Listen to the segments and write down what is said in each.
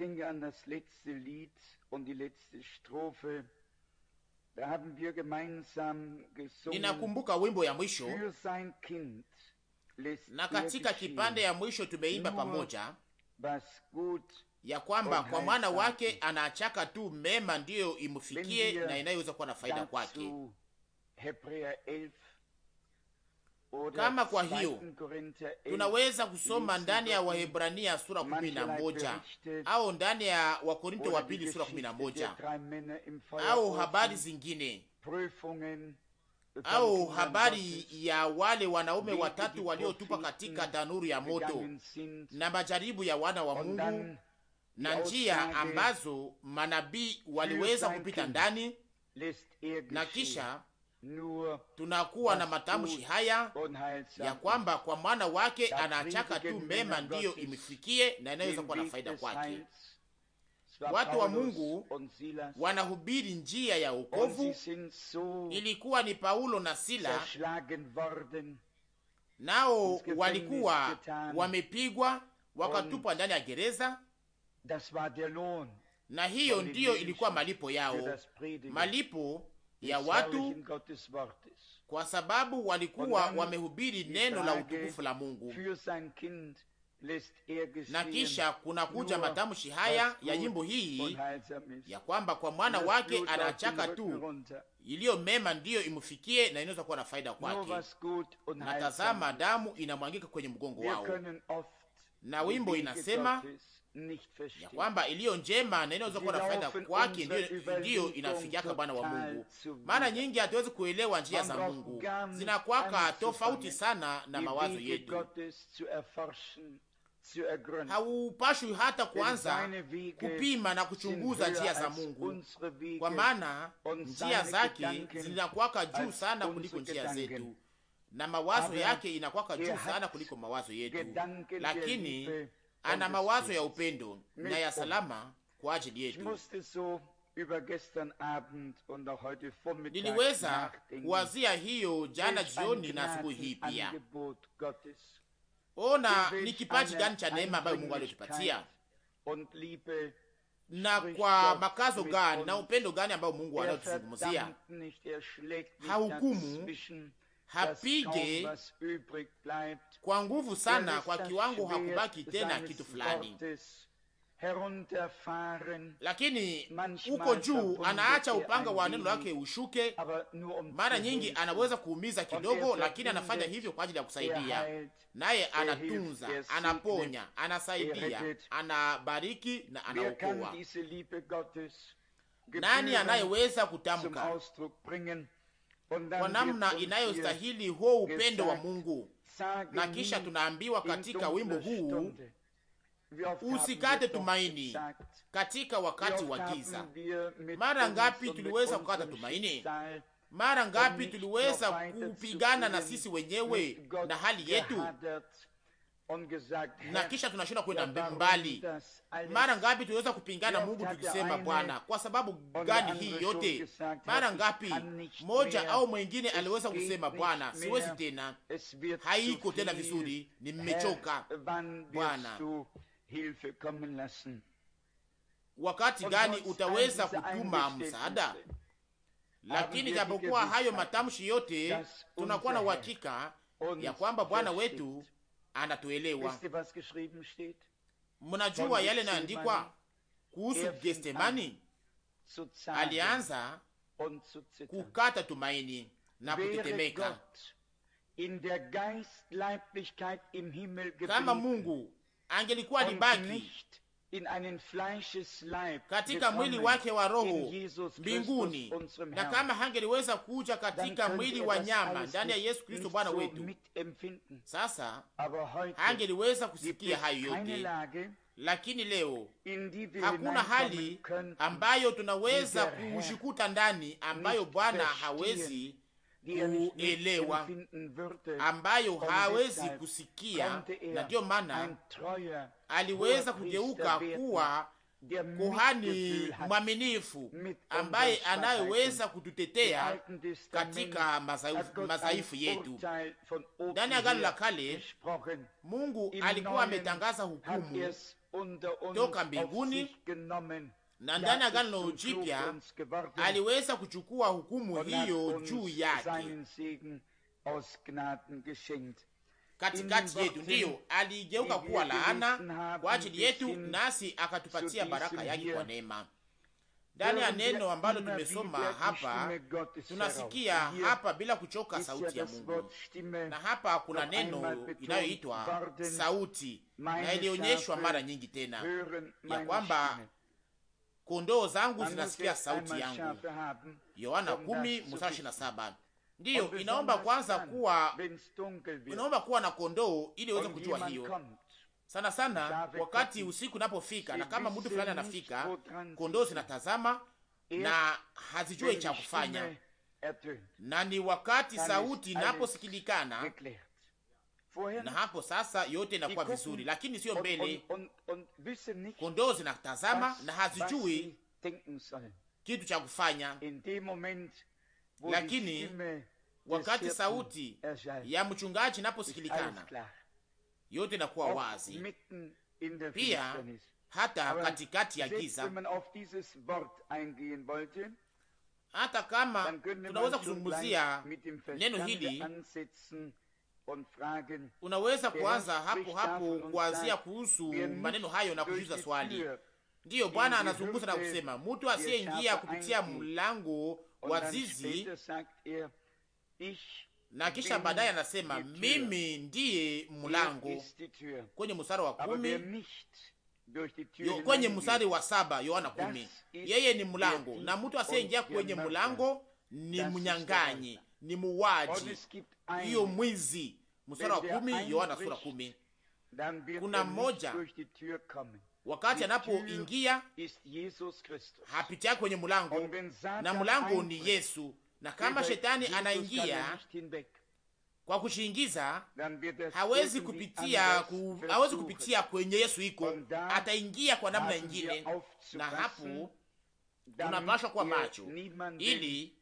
denke an das letzte Lied und die letzte Strophe. Da haben wir gemeinsam gesungen. Ninakumbuka wimbo ya mwisho für sein kind, na katika kipande ya mwisho tumeimba pamoja was gut ya kwamba kwa mwana wake anaachaka tu mema ndiyo imfikie na inayoweza kuwa na faida kwake. Hebrea 11 kama kwa hiyo tunaweza kusoma ndani ya Wahebrania sura kumi na moja au ndani ya Wakorinto wa pili sura kumi na moja au habari zingine au habari ya wale wanaume watatu waliotupa katika tanuru ya moto na majaribu ya wana wa Mungu na njia ambazo manabii waliweza kupita ndani na kisha tunakuwa na matamshi haya ya kwamba kwa mwana wake anachaka tu mema ndiyo imifikie na inaweza kuwa na faida kwake. Watu wa Mungu wanahubiri njia ya wokovu. Ilikuwa ni Paulo na Sila, nao walikuwa wamepigwa wakatupwa ndani ya gereza, na hiyo ndiyo ilikuwa malipo yao, malipo ya watu, kwa sababu walikuwa wamehubiri neno la utukufu la Mungu. Na kisha kunakuja matamshi haya ya nyimbo hii ya kwamba kwa mwana wake anachaka tu iliyo mema ndiyo imufikie na inaweza kuwa na faida kwake, na tazama damu inamwangika kwenye mgongo wao. Na wimbo inasema ya kwamba iliyo njema na inaweza kuwa na faida kwake, ndiyo inafikiaka Bwana wa Mungu. Maana nyingi hatuwezi kuelewa njia za Mungu, zinakwaka tofauti sana na mawazo yetu. Haupashwi hata kuanza kupima na kuchunguza njia za Mungu, kwa maana njia zake zinakwaka juu sana kuliko njia zetu, na mawazo yake inakwaka juu sana kuliko mawazo yetu, lakini ana mawazo ya upendo na ya um. salama kwa ajili yetu. Niliweza kuwazia hiyo jana jioni na asubuhi hii pia. Ona ni kipaji gani cha neema ambayo Mungu alitupatia na kwa makazo gani na upendo gani ambayo Mungu er anatuzungumzia. Er Hahukumu hapige kwa nguvu sana, kwa kiwango hakubaki tena kitu fulani, lakini uko juu anaacha upanga wa neno lake ushuke. Mara nyingi anaweza kuumiza kidogo, lakini anafanya hivyo kwa ajili ya kusaidia, naye anatunza, anaponya, anasaidia, anabariki na anaokoa. Nani anayeweza kutamka kwa namna inayostahili huo upendo wa Mungu. Na kisha tunaambiwa katika wimbo huu, usikate tumaini katika wakati wa giza. Mara ngapi tuliweza kukata tumaini? Mara ngapi tuliweza kupigana na sisi wenyewe na hali yetu? na kisha tunashinda kwenda mbali. Mara ngapi tunaweza kupingana Mungu tukisema Bwana, kwa sababu gani hii yote? Mara ngapi moja au mwengine aliweza kusema Bwana, siwezi tena, haiko tena vizuri, nimechoka. Bwana, wakati gani utaweza kutuma msaada? Lakini japokuwa hayo matamshi yote, tunakuwa na uhakika ya kwamba Bwana wetu anatuelewa. Mnajua yale naandikwa kuhusu Gestemani, alianza kukata tumaini na kutetemeka. Kama Mungu angelikuwa alibaki katika mwili wake wa roho mbinguni, na kama hangeliweza kuja katika mwili wa nyama ndani ya Yesu Kristo Bwana wetu, sasa hangeliweza kusikia hayo yote. Lakini leo hakuna hali ambayo tunaweza kushikuta ndani ambayo Bwana hawezi kuelewa ambayo hawezi kusikia, na ndiyo maana aliweza kugeuka kuwa kuhani mwaminifu ambaye anayeweza kututetea katika madhaifu yetu. Ndani ya Agano la Kale, Mungu alikuwa ametangaza hukumu toka mbinguni na ndani ya Agano Jipya aliweza kuchukua hukumu hiyo juu yake katikati yetu, ndiyo aligeuka kuwa laana kwa ajili yetu, nasi akatupatia baraka yake kwa neema. Ndani ya neno ambalo tumesoma hapa, tunasikia hapa bila kuchoka sauti ya Mungu, na hapa kuna neno inayoitwa sauti, na ilionyeshwa mara nyingi tena ya kwamba kondoo zangu zinasikia sauti yangu, Yohana 10:27. Ndiyo, inaomba kwanza kuwa inaomba kuwa na kondoo ili uweze kujua hiyo sana sana, wakati usiku unapofika, na kama mtu fulani anafika, kondoo zinatazama na hazijui cha kufanya, na ni wakati sauti inaposikilikana, na hapo sasa yote inakuwa vizuri, lakini sio mbele. Kondoo zinatazama na hazijui kitu cha kufanya, lakini wakati sauti ya mchungaji inaposikilikana, yote inakuwa wazi, pia hata katikati ya giza. Hata kama tunaweza kuzungumzia neno hili Unaweza kuanza hapo hapo kuanzia kuhusu maneno hayo na kuuliza swali. Ndiyo, Bwana anazungumza na kusema, mtu asiyeingia kupitia mlango wa zizi, er, na kisha baadaye anasema mimi ndiye mlango, kwenye mstari wa kumi Yo, kwenye mstari wa saba Yohana kumi. Yeye ni mlango na mtu asiyeingia kwenye mlango ni mnyang'anyi, ni muwaji, hiyo mwizi msura wa kumi, Yohana sura kumi. Kuna mmoja wakati anapoingia hapitia kwenye mulango na mulango ni Yesu, na kama shetani anaingia er kwa kushingiza, er hawezi kupitia, ku, hawezi kupitia kwenye Yesu iko, ataingia kwa namna ingine, na hapo tunapashwa kwa macho ili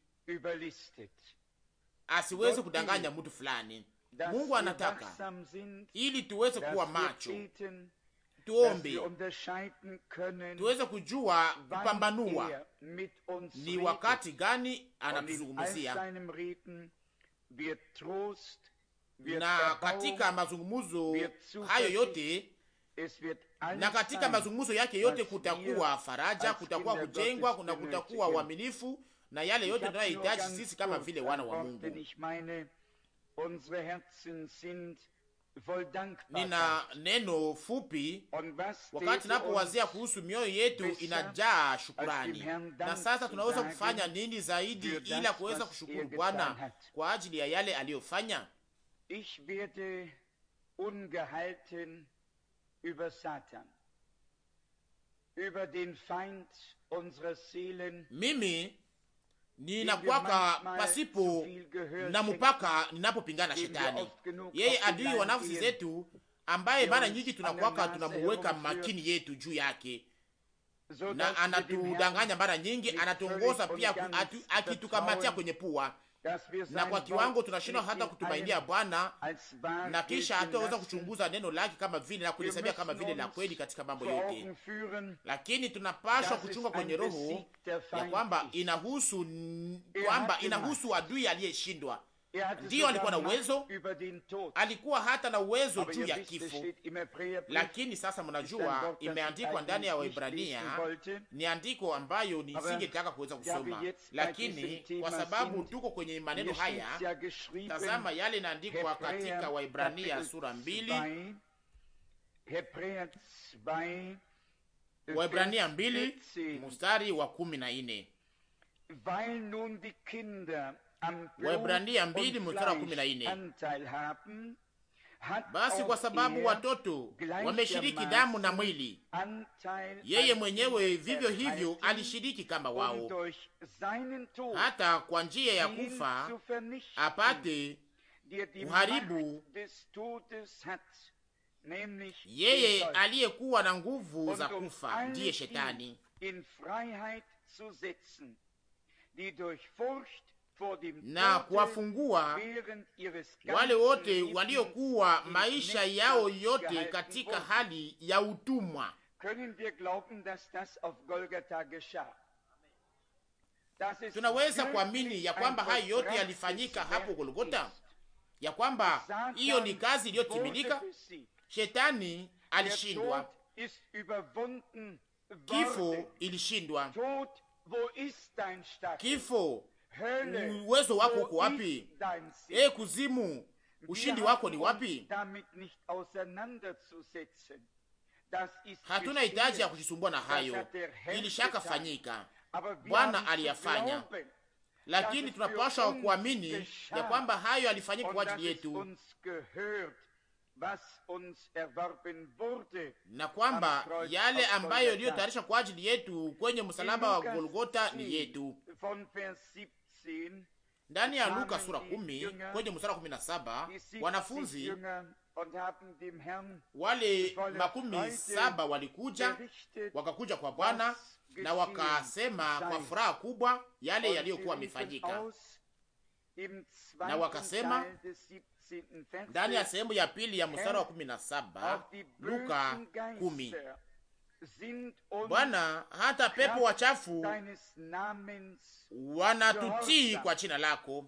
asiweze kudanganya mtu fulani. Mungu anataka ili tuweze kuwa macho, tuombe, tuweze kujua kupambanua ni wakati gani anatuzungumzia, na katika mazungumzo hayo yote na katika mazungumzo yake yote kutakuwa faraja, kutakuwa kujengwa na kutakuwa uaminifu na yale yote tunayohitaji sisi kama vile wana wa Mungu. Nina neno fupi. Wakati napowazia kuhusu mioyo yetu inajaa shukurani. Na sasa tunaweza kufanya nini zaidi ila kuweza kushukuru Bwana kwa ajili ya yale aliyofanya? Mimi ninakwaka pasipo na mpaka, ninapopingana na shetani, yeye adui wa nafsi zetu, ambaye mara nyingi tunakwaka tunamuweka makini yetu juu yake na anatudanganya mara nyingi, anatuongoza pia, akitukamatia kwenye pua na kwa kiwango tunashindwa hata kutumainia Bwana, na kisha hatuweza kuchunguza neno lake kama vile na kulihesabia kama vile la kweli katika mambo yote, lakini tunapashwa kuchunga kwenye roho ya kwamba inahusu er kwamba inahusu adui aliyeshindwa Er ndiyo alikuwa na uwezo, alikuwa hata na uwezo juu ya kifo. Lakini sasa, mnajua imeandikwa ndani ya Waebrania, ni andiko ambayo nisingetaka kuweza kusoma, lakini kwa sababu tuko kwenye maneno haya, tazama yale inaandikwa katika Waebrania sura mbili, Waebrania mbili mstari wa kumi na nne Waebrania mbili mstari wa kumi na nne basi kwa sababu watoto wameshiriki damu na mwili, yeye mwenyewe vivyo hivyo alishiriki kama wao, hata kwa njia ya kufa apate uharibu yeye aliyekuwa na nguvu za kufa, ndiye Shetani na kuwafungua wale wote waliokuwa maisha yao yote katika hali ya utumwa. Tunaweza kuamini ya kwamba hayo yote yalifanyika hapo Golgota, ya kwamba hiyo ni kazi iliyotimilika. Shetani alishindwa, kifo ilishindwa, kifo uwezo wako uko wapi? E kuzimu, ushindi wako ni wapi? Hatuna hitaji ya kujisumbua na hayo, er ilishaka fanyika, Bwana aliyafanya, lakini tunapaswa kuamini ya kwamba hayo alifanyika kwa ajili yetu na kwamba yale ambayo iliyotayarishwa kwa ajili yetu kwenye msalaba wa Golgota ni yetu ndani ya Luka sura kumi kwenye mstari kumi na saba wanafunzi wale makumi saba walikuja wakakuja kwa Bwana na wakasema kwa furaha kubwa yale yaliyokuwa yamefanyika, na wakasema ndani ya sehemu ya pili ya mstari wa kumi na saba Luka kumi Bwana, hata pepo wachafu wanatutii kwa jina lako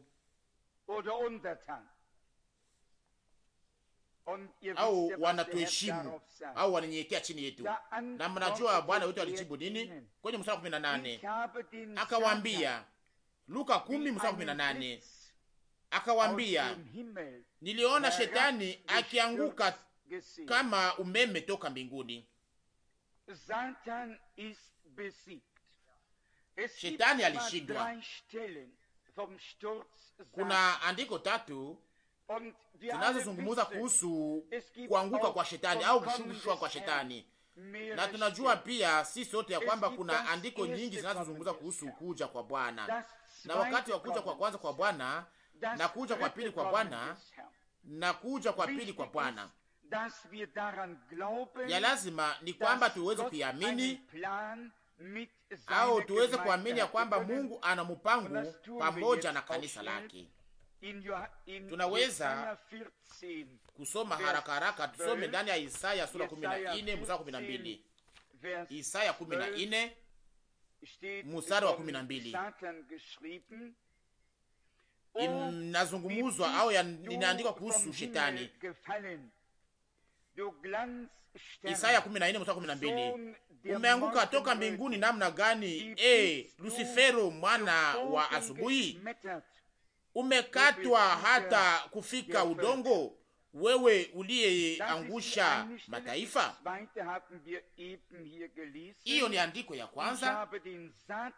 au wanatuheshimu au wananyenyekea chini yetu. Na mnajua Bwana wetu alijibu nini kwenye mstari kumi na nane? akawambia, Luka kumi mstari kumi na nane, akawambia, niliona shetani akianguka kama umeme toka mbinguni. Shetani alishindwa. Kuna andiko tatu zinazozungumza kuhusu kuanguka kwa shetani au kushushwa kwa shetani, na tunajua pia si sote ya kwamba kuna andiko nyingi zinazozungumza kuhusu kuja kwa Bwana na wakati wa kuja kwa kwanza kwa Bwana na kuja kwa pili kwa Bwana na kuja kwa pili kwa Bwana ya lazima ni kwamba tuweze kuiamini au tuweze kuamini ya kwamba Mungu ana mpango pamoja na kanisa lake. Tunaweza kusoma haraka haraka, tusome ndani ya Isaya sura 14 mstari wa 12. Isaya 14 mstari wa 12 inazungumuzwa au inaandikwa kuhusu shetani Isaya 14 umeanguka toka mbinguni namna gani, e Lucifero, mwana wa asubuhi? Umekatwa hata kufika udongo, wewe uliyeangusha mataifa. Hiyo ni andiko ya kwanza.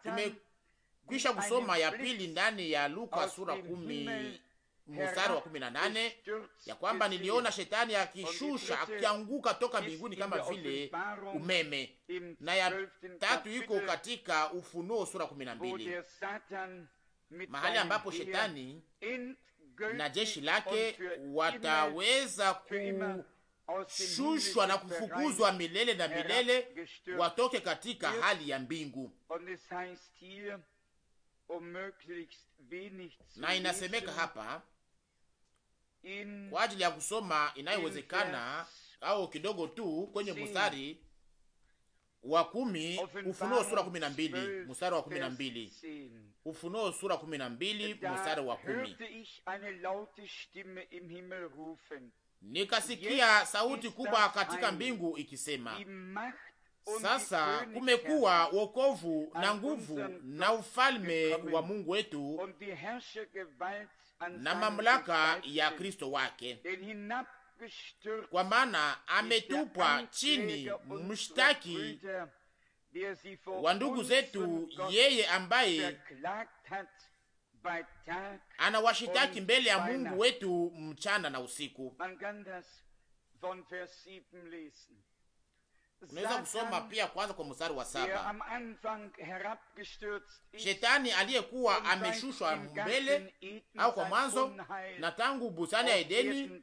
Tumekwisha kusoma ya pili ndani ya Luka sura kumi mstari wa kumi na nane ya kwamba niliona shetani akishusha akianguka toka mbinguni kama vile umeme, na ya tatu iko katika Ufunuo sura kumi na mbili mahali ambapo shetani na jeshi lake wataweza kushushwa na kufukuzwa milele na milele, watoke katika hali ya mbingu. Na inasemeka hapa kwa ajili ya kusoma inayowezekana au kidogo tu kwenye mstari wa kumi, Ufunuo sura kumi na mbili mstari wa kumi na mbili Ufunuo sura kumi na mbili mstari wa kumi nikasikia sauti kubwa katika mbingu ikisema, sasa kumekuwa wokovu na nguvu na ufalme wa Mungu wetu na mamlaka ya Kristo wake, kwa maana ametupwa chini mshtaki wa ndugu zetu, yeye ambaye anawashitaki mbele ya Mungu wetu mchana na usiku. Unaweza kusoma pia kwanza kwa mstari wa saba. Shetani aliyekuwa ameshushwa mbele au kwa mwanzo na tangu bustani ya Edeni,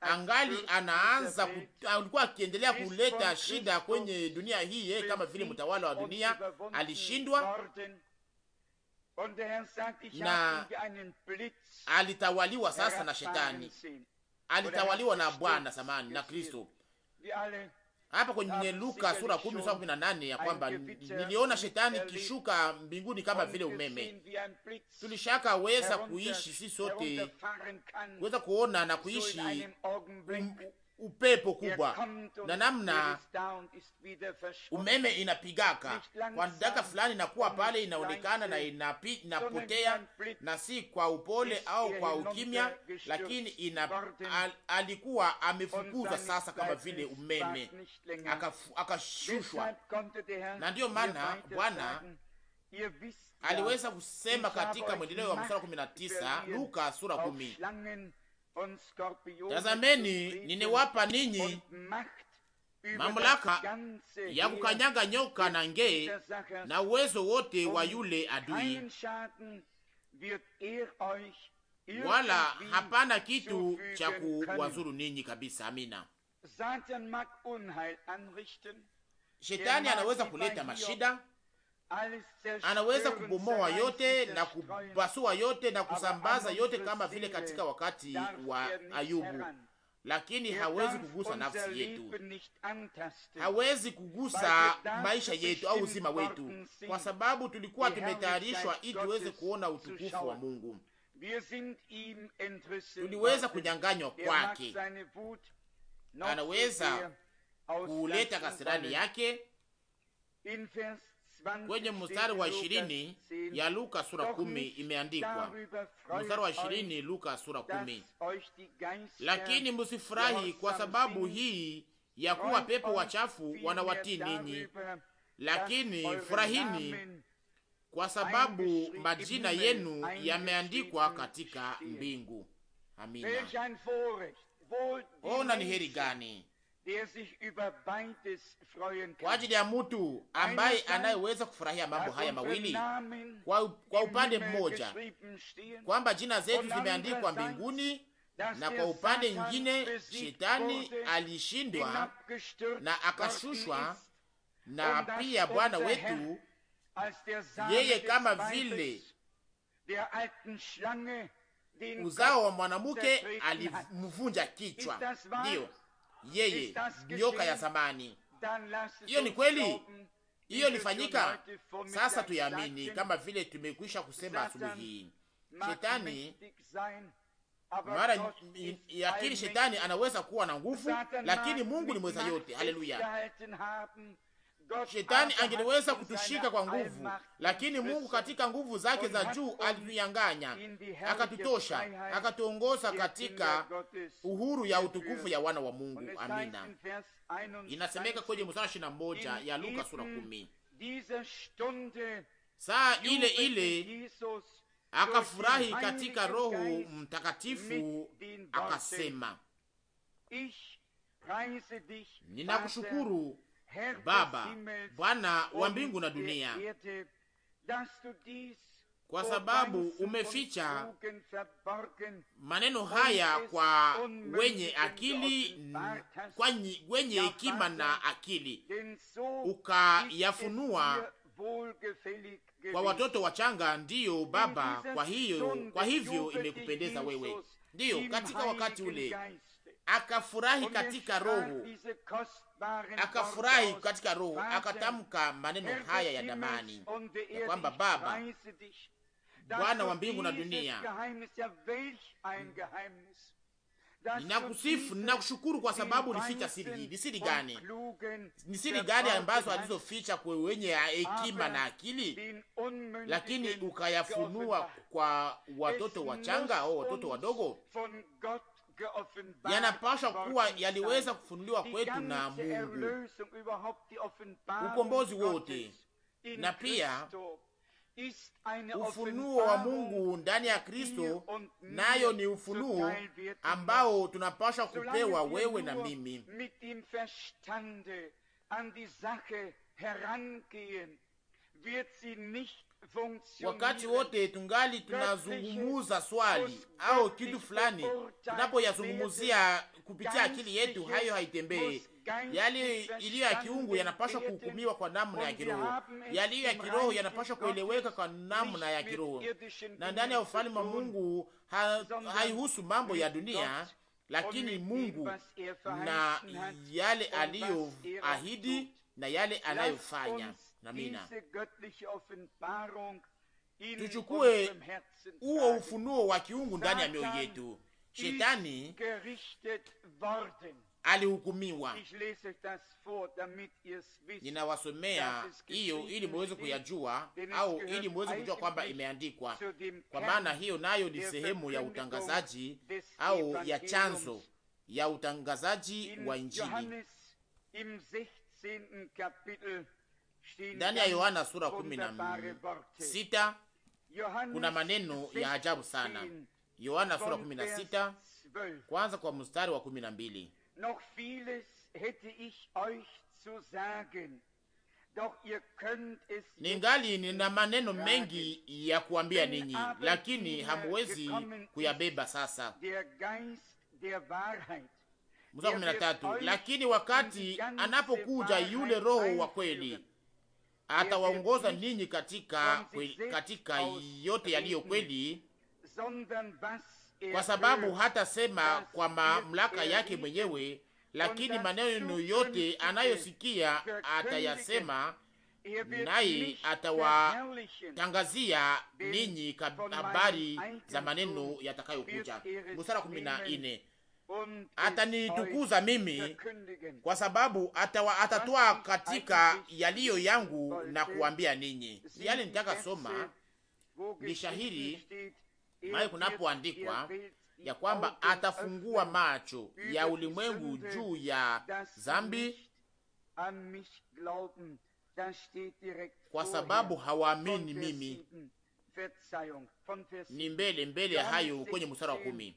angali anaanza alikuwa akiendelea kuleta shida kwenye dunia hii. Yeye eh, kama vile mtawala wa dunia alishindwa na alitawaliwa sasa na Shetani, alitawaliwa na Bwana samani na Kristo hapa kwenye Luka sura kumi mstari kumi na nane ya kwamba uh, niliona shetani kishuka mbinguni kama vile umeme. Tulishaka weza kuishi si sote weza kuona na kuishi upepo kubwa na namna umeme inapigaka kwa dakika fulani, inakuwa pale, inaonekana na inapotea, na si kwa upole au kwa ukimya, lakini ina, al, alikuwa amefukuzwa sasa kama vile umeme akashushwa, na ndiyo maana Bwana aliweza kusema katika mwendeleo wa mstari wa 19 Luka sura kumi Tazameni, ninewapa ninyi mamlaka ya kukanyaga nyoka na nge na uwezo wote wa yule adui, er wala hapana kitu cha kuwazuru ninyi kabisa. Amina. Shetani er anaweza kuleta mashida anaweza kubomoa yote na kupasua yote na kusambaza yote, kama vile katika wakati wa Ayubu, lakini hawezi kugusa nafsi yetu, hawezi kugusa maisha yetu au uzima wetu, kwa sababu tulikuwa tumetayarishwa ili tuweze kuona utukufu wa Mungu. Tuliweza kunyanganywa kwake, anaweza kuleta kasirani yake kwenye mstari wa ishirini ya Luka sura kumi imeandikwa, mstari wa ishirini Luka sura kumi: lakini msifurahi kwa sababu hii ya kuwa pepo wachafu wanawatii ninyi, lakini furahini kwa sababu majina yenu yameandikwa katika mbingu. Amina. Ona, ni heri gani kwa ajili ya mtu ambaye anayeweza kufurahia mambo haya mawili kwa, kwa upande mmoja kwamba jina zetu zimeandikwa mbinguni na kwa upande nyingine shetani alishindwa na akashushwa, na um pia Bwana wetu yeye kama vile uzao wa mwanamke alimvunja kichwa. Ndiyo, yeye nyoka ya zamani. Hiyo ni kweli, hiyo ilifanyika. Sasa tuyaamini kama vile tumekwisha kusema asubuhi um, hii. Shetani mara yakini, shetani anaweza kuwa na nguvu, um, lakini Mungu ni mweza yote. Haleluya! Shetani angeliweza kutushika kwa nguvu, lakini Mungu katika nguvu zake za juu alitunyang'anya, akatutosha, akatuongoza katika uhuru ya utukufu ya wana wa Mungu. Amina. Inasemeka kwenye mstari ishirini na moja ya Luka sura kumi, saa ile ile akafurahi katika Roho Mtakatifu akasema, ninakushukuru Baba, Bwana wa mbingu na dunia, kwa sababu umeficha maneno haya kwa wenye akili, kwa wenye hekima na akili, ukayafunua kwa watoto wachanga. Ndiyo Baba, kwa hiyo, kwa hivyo imekupendeza wewe. Ndiyo, katika wakati ule akafurahi katika roho, akafurahi katika roho, akatamka maneno haya ya damani ya kwamba Baba, Bwana wa mbingu na dunia, ninakusifu ninakushukuru kwa sababu ulificha siri hii. Ni siri gani? Ni siri gani ambazo alizoficha kwa wenye hekima na akili, lakini ukayafunua kwa watoto wachanga au watoto wadogo? yanapasha kuwa yaliweza kufunuliwa kwetu na Mungu, ukombozi wote na pia ufunuo wa Mungu ndani ya Kristo, nayo ni ufunuo ambao tunapasha kupewa wewe na mimi, Wakati wote tungali tunazungumuza swali au kitu fulani, tunapoyazungumuzia kupitia akili yetu, hayo haitembee. Yale iliyo ya kiungu yanapaswa kuhukumiwa kwa namna ya kiroho, yaliyo ya kiroho yanapaswa kueleweka kwa namna ya kiroho. Na ndani ya ufalme wa Mungu ha, haihusu mambo ya dunia, lakini Mungu na yale aliyoahidi na yale anayofanya na mina. Tuchukue huo ufunuo wa kiungu ndani ya mioyo yetu. Shetani alihukumiwa. Ninawasomea hiyo ili muweze kuyajua au ili muweze kujua kwamba imeandikwa, kwa maana hiyo nayo ni sehemu ya utangazaji au ya chanzo ya utangazaji wa Injili. Ndani ya Yohana sura kumi na sita kuna maneno ya ajabu sana. Yohana sura kumi na sita kwanza kwa mstari wa kumi na mbili Ningali nina maneno mengi ya kuambia ninyi, lakini hamuwezi kuyabeba sasa. Mstari kumi na tatu, lakini wakati anapokuja yule Roho wa kweli atawaongoza ninyi katika, katika yote yaliyo kweli, kwa sababu hatasema kwa mamlaka yake mwenyewe, lakini maneno yote anayosikia atayasema, naye atawatangazia ninyi habari za maneno yatakayokuja. Mstari kumi na nne atanitukuza mimi, kwa sababu atawa, atatoa katika yaliyo yangu na kuambia ninyi yale nitaka soma. Ni shahiri mahali kunapoandikwa ya kwamba atafungua macho ya ulimwengu juu ya zambi kwa sababu hawaamini mimi. Ni mbele mbele ya hayo kwenye mstari wa kumi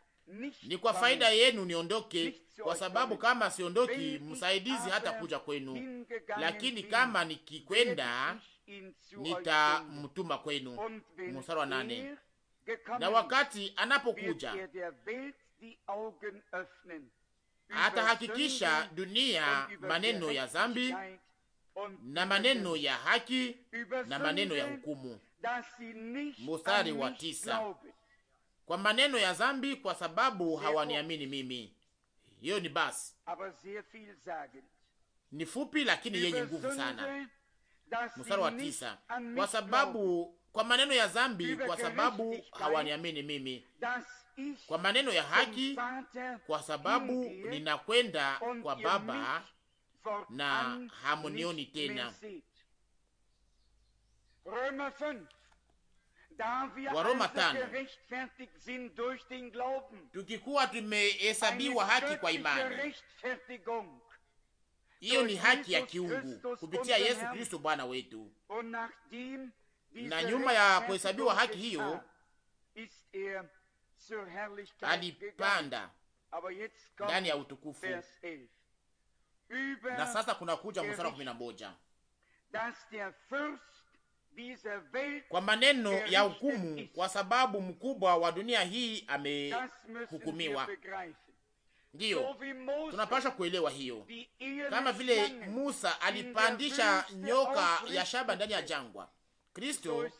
ni kwa faida yenu niondoke, kwa sababu kama siondoki, msaidizi hata kuja kwenu, lakini kama nikikwenda, nitamtuma kwenu. Mstari wa nane. Na wakati anapokuja atahakikisha dunia maneno ya zambi na maneno ya haki na maneno ya hukumu. Mstari wa tisa kwa maneno ya zambi kwa sababu hawaniamini mimi. Hiyo ni basi, ni fupi lakini yenye nguvu sana. Mstari wa tisa, kwa sababu kwa maneno ya zambi kwa sababu hawaniamini mimi, kwa maneno ya haki, kwa sababu ninakwenda kwa Baba na hamunioni tena. Waroma tano. Tukikuwa tumehesabiwa haki kwa imani, hiyo ni haki ya kiungu kupitia Yesu Kristo Bwana wetu, na nyuma ya kuhesabiwa haki hiyo er alipanda ndani ya utukufu. Na sasa kuna kuja mstari wa kumi na moja kwa maneno ya hukumu, kwa sababu mkubwa wa dunia hii amehukumiwa. Ndiyo, tunapaswa kuelewa hiyo, kama vile Musa alipandisha nyoka ya shaba ndani ya jangwa, Kristo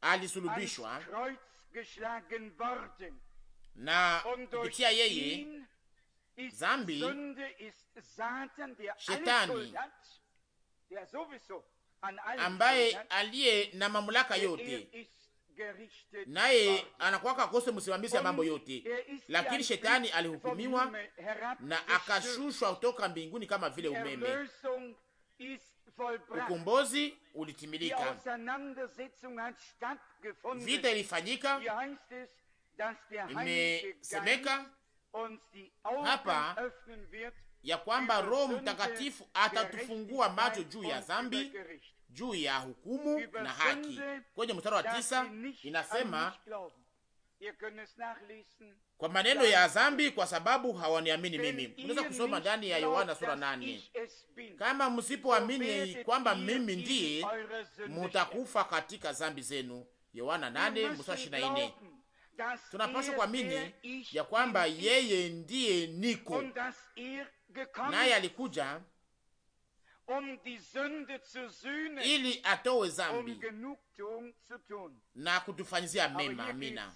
alisulubishwa na kupitia yeye zambi, shetani ambaye aliye na mamlaka yote, naye anakuwaka kose msimamizi ya mambo yote. Lakini shetani alihukumiwa na akashushwa kutoka mbinguni kama vile umeme. Ukombozi ulitimilika, vita ilifanyika. Imesemeka hapa ya kwamba Roho Mtakatifu atatufungua macho juu ya dhambi, juu ya hukumu na haki. Kwenye mstari wa tisa inasema kwa maneno ya dhambi, kwa sababu hawaniamini mimi. Mnaweza kusoma ndani ya Yohana sura nane. Kama msipoamini kwamba mimi ndiye, mutakufa katika dhambi zenu. Yohana nane mstari ishirini na nne. Tunapaswa kuamini ya kwamba yeye ndiye niko naye alikuja um ili atowe um zambi um na kutufanyizia mema. Amina.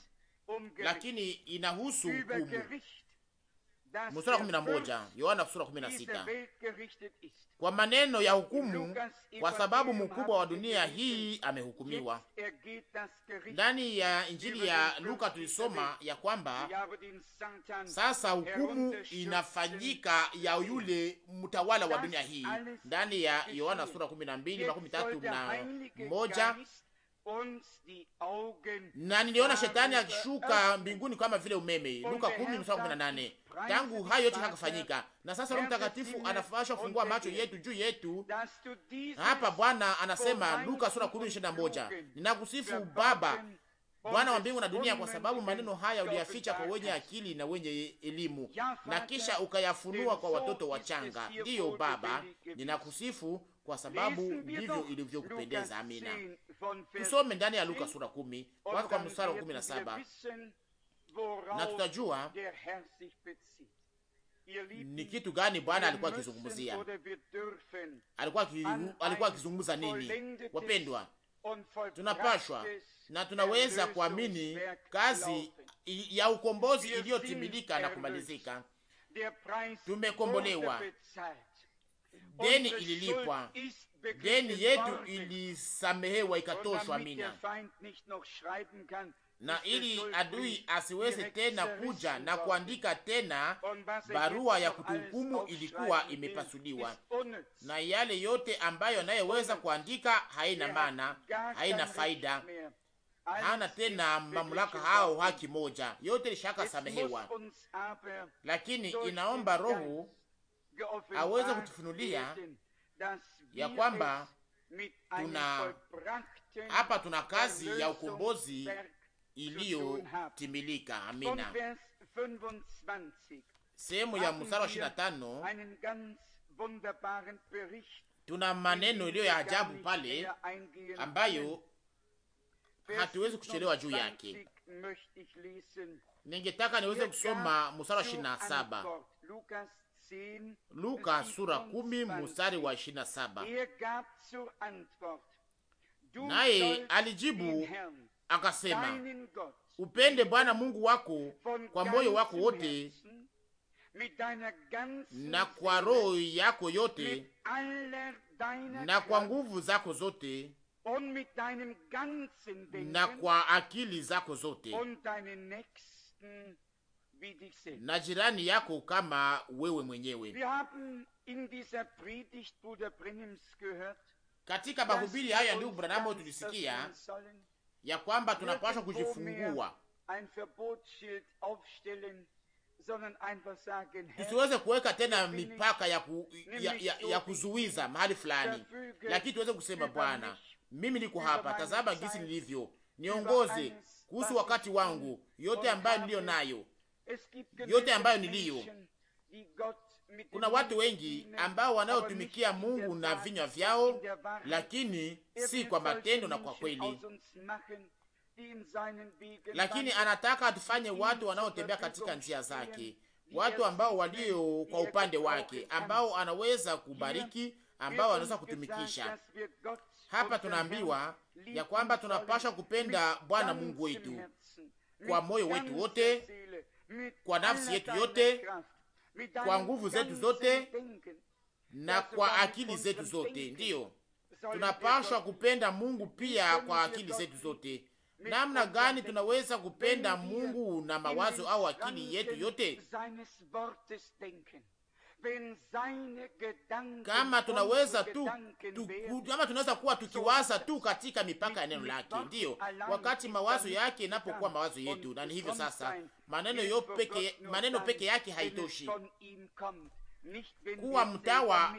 Um, lakini inahusu hukumu mstari wa 11 Yohana sura sita. kwa maneno ya hukumu, kwa sababu mkubwa wa dunia hii amehukumiwa. Ndani ya injili ya Luka tulisoma ya kwamba sasa hukumu inafanyika ya yule mtawala wa dunia hii. Ndani ya Yohana sura 12 13 na moja na niliona shetani akishuka mbinguni kama vile umeme. Luka 10:18. Tangu hayo yote hakafanyika, na sasa Roho Mtakatifu anafasha kufungua macho yetu juu yetu. Hapa Bwana anasema Luka sura 10:21, ninakusifu Baba, Bwana wa mbingu na dunia, kwa sababu maneno haya uliyaficha kwa wenye akili na wenye elimu, na kisha ukayafunua kwa watoto wachanga. Ndiyo Baba, ninakusifu kwa sababu ndivyo ilivyokupendeza. Amina. Tusome ndani ya Luka sura kumi waka kwa mstari wa kumi na saba na tutajua ni kitu gani Bwana alikuwa akizungumzia, alikuwa alikuwa akizungumza nini? Wapendwa, tunapashwa na tunaweza kuamini kazi ya ukombozi iliyotimilika na kumalizika. Tumekombolewa, deni ililipwa deni yetu ilisamehewa ikatoshwa. Amina. Na ili adui asiweze tena kuja na kuandika tena er barua ya kutuhukumu, ilikuwa imepasuliwa, na yale yote ambayo anayeweza kuandika haina maana, haina faida, hana tena mamlaka hao haki moja, yote lishaka samehewa. Lakini inaomba Roho aweze kutufunulia ya kwamba tuna hapa tuna kazi ya ukombozi iliyotimilika. Amina. Sehemu ya mstari wa ishirini na tano tuna maneno iliyo ya ajabu pale ambayo hatuwezi kuchelewa juu yake. Ningetaka niweze kusoma mstari wa ishirini na saba Luka sura kumi mstari wa ishirini na saba. Naye alijibu akasema, upende Bwana Mungu wako kwa moyo wako wote na kwa roho yako yote na kwa nguvu zako zote na kwa akili zako zote na jirani yako kama wewe mwenyewe. Katika mahubiri haya ya ndugu Branamu tulisikia ya kwamba tunapaswa kujifungua, tusiweze kuweka tena mipaka ya, ku, ya, ya, ya kuzuiza mahali fulani, lakini tuweze kusema Bwana, mimi niko hapa, tazama jinsi nilivyo, niongoze kuhusu wakati wangu, yote ambayo niliyo nayo yote ambayo niliyo. Kuna watu wengi ambao wanaotumikia Mungu na vinywa vyao, lakini si kwa matendo na kwa kweli, lakini anataka atufanye watu wanaotembea katika njia zake, watu ambao walio kwa upande wake, ambao anaweza kubariki, ambao anaweza kutumikisha. Hapa tunaambiwa ya kwamba tunapasha kupenda Bwana Mungu wetu kwa moyo wetu wote kwa nafsi yetu yote, kwa nguvu zetu zote na kwa akili zetu zote. Ndiyo, tunapashwa kupenda Mungu pia kwa akili zetu zote. Namna gani tunaweza kupenda Mungu na mawazo au akili yetu yote? kama tunaweza tu, tu kama tunaweza kuwa tukiwaza tu katika mipaka ya neno lake, ndiyo wakati mawazo yake inapokuwa mawazo yetu, na ni hivyo sasa. Maneno yo peke, maneno peke yake haitoshi kuwa mtawa,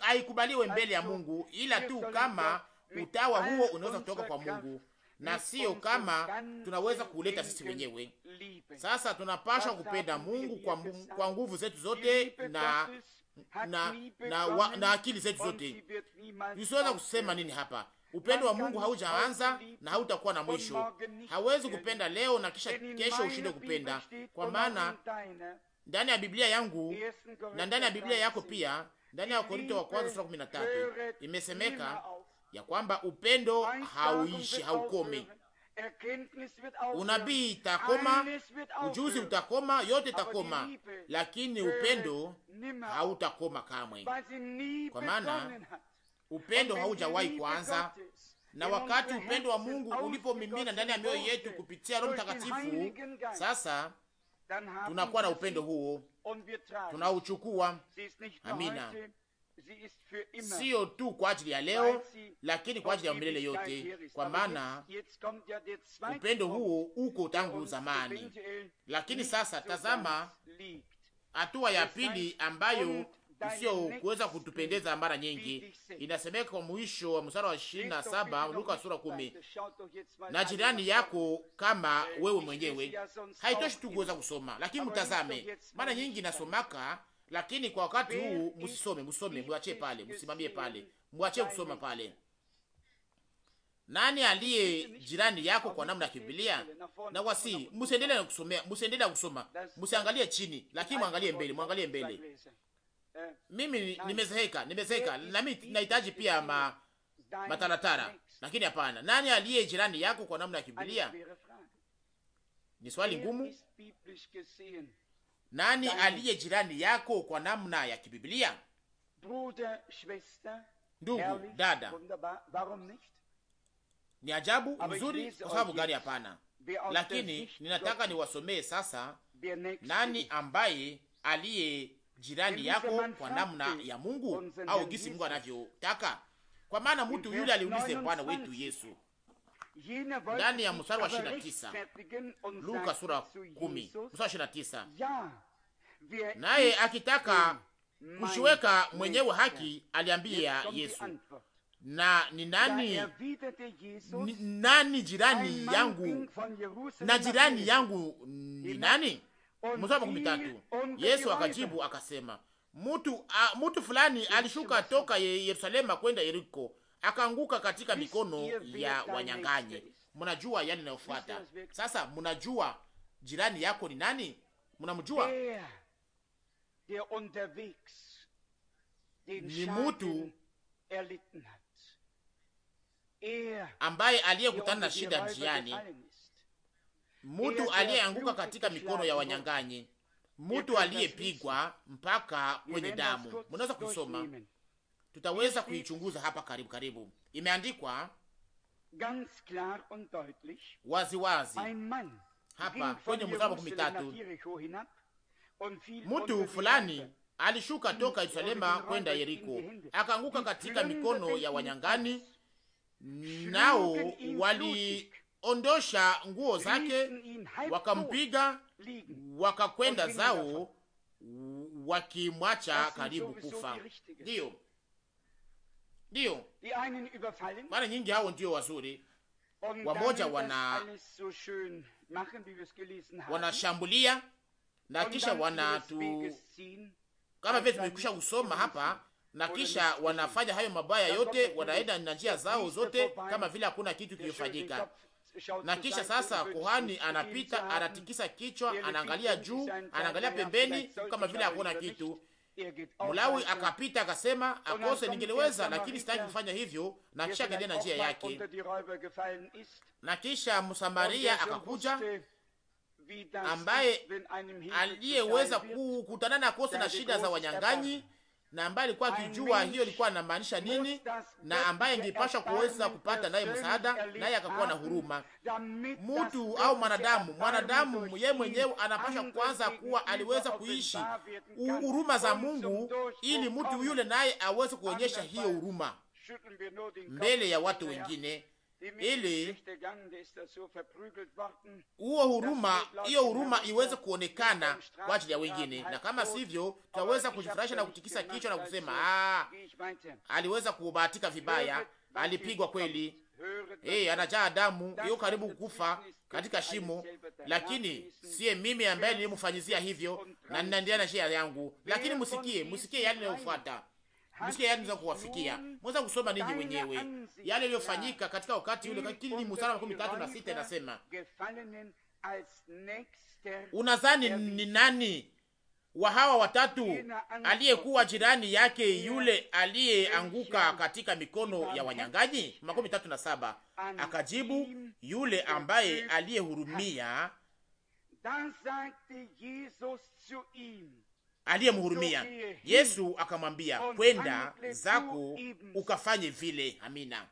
haikubaliwe mbele ya Mungu, ila tu kama utawa huo unaweza kutoka kwa Mungu na sio kama tunaweza kuleta sisi wenyewe. Sasa tunapasha kupenda Mungu kwa, kwa nguvu zetu zote na na na, wa, na akili zetu zote. Nisiweza kusema nini hapa. Upendo wa Mungu haujaanza na hautakuwa na mwisho. Hawezi kupenda leo na kisha kesho ushinde kupenda, kwa maana eh, ndani ya Biblia yangu na ndani ya Biblia yako pia, ndani ya Wakorinto wa kwanza sura 13 imesemeka ya kwamba upendo hauishi, haukome. Unabii itakoma, ujuzi utakoma, yote itakoma, lakini upendo hautakoma kamwe, kwa maana upendo haujawahi kuanza. Na wakati upendo wa Mungu ulipomimina ndani ya mioyo yetu kupitia Roho Mtakatifu, sasa tunakuwa na upendo huo, tunauchukua. Amina sio tu kwa ajili ya leo, lakini kwa ajili ya milele yote, kwa maana upendo huo uko tangu zamani. Lakini sasa tazama hatua ya pili ambayo sio kuweza kutupendeza mara nyingi, inasemeka kwa mwisho wa msara wa ishirini na saba Luka sura kumi, na jirani yako kama äh, wewe mwenyewe. Haitoshi tu kuweza kusoma, lakini mtazame. Mara nyingi nasomaka lakini kwa wakati huu msisome, msome, mwache pale, msimamie pale, mwache kusoma pale. Nani aliye jirani yako kwa namna ya Biblia? Na wasi msiendelee na kusomea, msiendelee na kusoma, msiangalie chini, lakini mwangalie mbele, mwangalie mbele. Eh, mimi nimezeheka, nimezeheka na mimi nahitaji pia ma mataratara, lakini hapana. Nani aliye jirani yako kwa namna ya Biblia? Ni swali ngumu nani aliye jirani yako kwa namna ya kibiblia? Ndugu dada, ni ajabu nzuri. Kwa sababu gani? Hapana, lakini ninataka niwasomee sasa, nani ambaye aliye jirani yako kwa namna ya Mungu au gisi Mungu anavyotaka. Kwa maana mtu yule aliulize Bwana wetu Yesu ndani ya mstari wa 29 Luka sura kumi mstari wa 29. Naye akitaka kushiweka mwenyewe haki aliambia Yesu, na ni nani, nani jirani yangu, na jirani yangu ni nani? Mstari wa 13, Yesu akajibu akasema, mtu, mtu fulani alishuka toka Yerusalemu kwenda Yeriko akaanguka katika mikono ya wanyang'anyi. Mnajua yani inayofuata sasa. Mnajua jirani yako ni nani? Mnamjua? Ni mutu ambaye aliyekutana na shida njiani, mutu aliyeanguka katika mikono ya wanyang'anyi, mutu aliyepigwa mpaka kwenye damu. Mnaweza kusoma tutaweza kuichunguza hapa karibu karibu. Imeandikwa ganz klar und deutlich, wazi wazi hapa kwenye mstari makumi tatu mtu fulani alishuka toka Yerusalema kwenda Yeriko, akaanguka katika mikono ya wanyangani nao waliondosha nguo zake, wakampiga, wakakwenda zao, wakimwacha karibu kufa. Ndiyo. Ndiyo, mara nyingi hao ndio wazuri, um, wamoja wana wanashambulia na um, kisha wanatu kama vile tumekwisha kusoma hapa, na kisha wanafanya hayo mabaya yote, wanaenda na njia zao zote kama vile hakuna kitu kilifanyika. Na kisha sasa kuhani anapita, anatikisa kichwa, anaangalia juu, anaangalia pembeni kama vile hakuna kitu mulawi akapita akasema, akose ningeleweza, lakini sitaki kufanya hivyo, na kisha akaendelea na njia yake. Na kisha Msamaria akakuja ambaye aliyeweza kukutana na kose na shida za wanyang'anyi na ambaye alikuwa akijua hiyo ilikuwa inamaanisha nini, na ambaye ingepasha kuweza kupata naye msaada, naye akakuwa na huruma. Mtu au mwanadamu, mwanadamu yeye mwenyewe anapashwa kwanza kuwa aliweza kuishi huruma za Mungu, ili mtu yule naye aweze kuonyesha hiyo huruma mbele ya watu wengine ili huo huruma, hiyo huruma iweze kuonekana kwa ajili ya wengine, na kama sivyo, tutaweza kujifurahisha na kutikisa kichwa na kusema ah, aliweza kubahatika vibaya, alipigwa kweli, hey, eh, anajaa damu, iyo karibu kukufa katika shimo, lakini siye mimi ambaye nilimfanyizia hivyo, na ninaendelea na shia yangu. Lakini msikie, msikie yale inayofuata msikia yale mnaweza kuwafikia, mweza kusoma ninyi wenyewe yale yaliyofanyika katika wakati ule. Lakini mstari wa tatu na sita inasema, unazani ni nani wa hawa watatu aliyekuwa jirani yake yule aliyeanguka katika mikono ya wanyang'anyi? Makumi tatu na saba. Akajibu, yule ambaye aliyehurumia aliyemhurumia. Yesu akamwambia, kwenda zako ukafanye vile. Amina.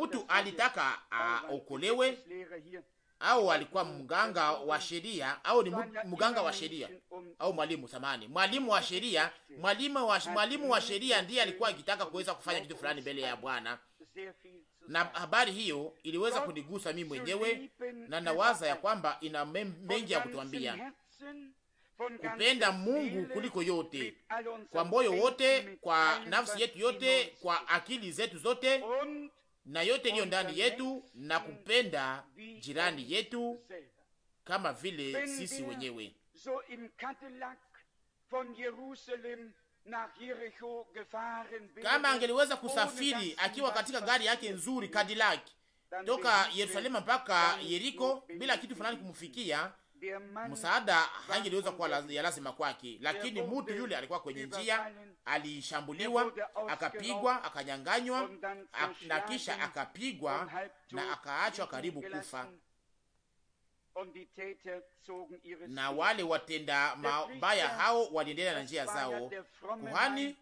Mtu alitaka oh, aokolewe au alikuwa mganga wa sheria au ni mganga wa sheria um au mwalimu samani, mwalimu wa sheria, mwalimu wa, mwalimu wa sheria ndiye alikuwa akitaka kuweza kufanya kitu fulani mbele ya Bwana, na habari hiyo iliweza kunigusa mimi mwenyewe, na nawaza ya kwamba ina mengi ya kutuambia kupenda Mungu kuliko yote, kwa moyo wote, kwa nafsi yetu yote, kwa akili zetu zote, na yote iliyo ndani yetu, na kupenda jirani yetu kama vile sisi wenyewe. Kama angeliweza kusafiri akiwa katika gari yake nzuri Cadillac toka Yerusalemu mpaka Yeriko bila kitu fulani kumfikia msaada, hangeliweza kuwa ya lazima kwake, lakini mtu yule alikuwa kwenye njia, alishambuliwa, akapigwa, akanyanganywa, na kisha akapigwa na akaachwa karibu kufa na wale watenda mabaya hao waliendelea na njia zao. Kuhani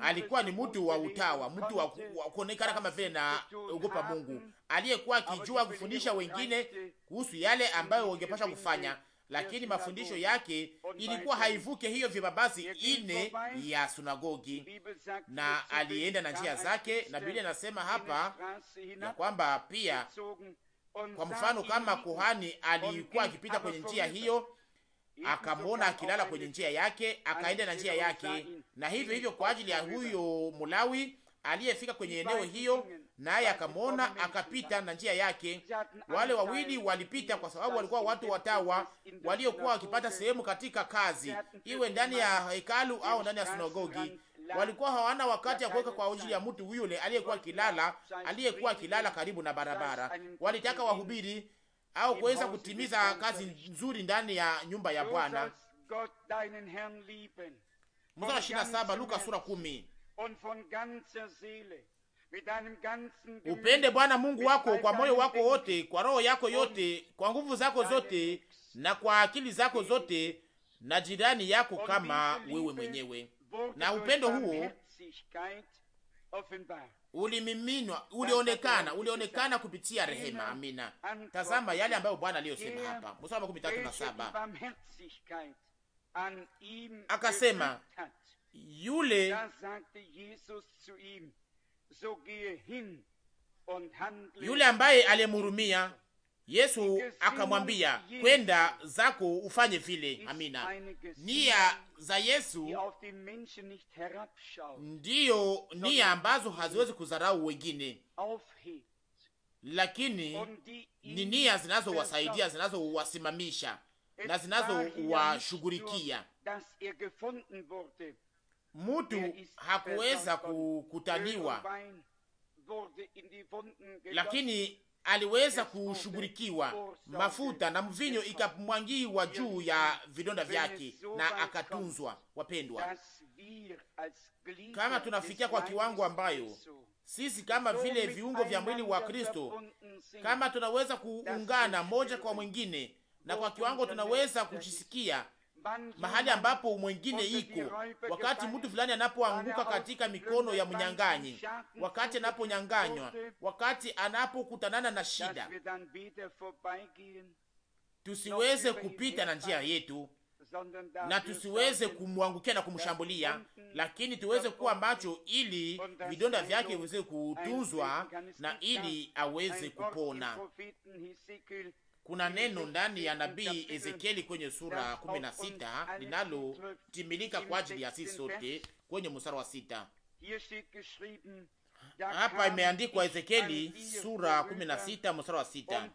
alikuwa ni mtu wa utawa, mtu wa kuonekana kama vile na ogopa Mungu, aliyekuwa akijua kufundisha wengine kuhusu yale ambayo wangepasha kufanya, lakini mafundisho yake ilikuwa haivuke hiyo vibabazi ine ya sunagogi, na alienda na njia zake. Na Biblia inasema hapa ya kwamba pia kwa mfano, kama kuhani alikuwa akipita kwenye njia hiyo, akamwona akilala kwenye njia yake, akaenda na njia yake, na hivyo hivyo kwa ajili ya huyo Mulawi aliyefika kwenye eneo hiyo, naye akamwona akapita na njia yake. Wale wawili walipita kwa sababu walikuwa watu watawa waliokuwa wakipata sehemu katika kazi, iwe ndani ya hekalu au ndani ya sinagogi walikuwa hawana wakati ya kuweka kwa ajili ya mtu yule aliyekuwa kilala, aliyekuwa kilala karibu na barabara. Walitaka wahubiri au kuweza kutimiza kazi nzuri ndani ya nyumba ya Bwana. Mstari ishirini na saba Luka sura kumi. Upende Bwana Mungu wako kwa moyo wako wote, kwa roho yako yote, kwa nguvu zako zote, na kwa akili zako zote, na jirani yako kama wewe mwenyewe na upendo huo ulimiminwa, ulionekana, ulionekana kupitia rehema. Amina. Tazama yale ambayo Bwana aliyosema hapa, mstari makumi tatu na saba akasema yule yule ambaye alimhurumia Yesu akamwambia kwenda zako ufanye vile. Amina. Nia za Yesu ndiyo nia ambazo haziwezi kudharau wengine, lakini ni nia zinazowasaidia, zinazowasimamisha na zinazowashughulikia. mtu er hakuweza kukutaniwa, lakini aliweza kushughulikiwa, mafuta na mvinyo ikamwangiwa juu ya vidonda vyake na akatunzwa. Wapendwa, kama tunafikia kwa kiwango ambayo sisi kama vile viungo vya mwili wa Kristo, kama tunaweza kuungana moja kwa mwingine, na kwa kiwango tunaweza kujisikia mahali ambapo mwengine iko. Wakati mtu fulani anapoanguka katika mikono ya mnyang'anyi, wakati anaponyang'anywa, wakati anapokutanana na shida, tusiweze kupita na njia yetu na tusiweze kumwangukia na kumshambulia, lakini tuweze kuwa macho, ili vidonda vyake viweze kutunzwa na ili aweze kupona. Kuna neno ndani ya nabii Ezekieli kwenye sura 16 linalotimilika kwa ajili ya sisi sote kwenye mstari wa sita. Hapa imeandikwa Ezekieli sura 16 mstari wa sita: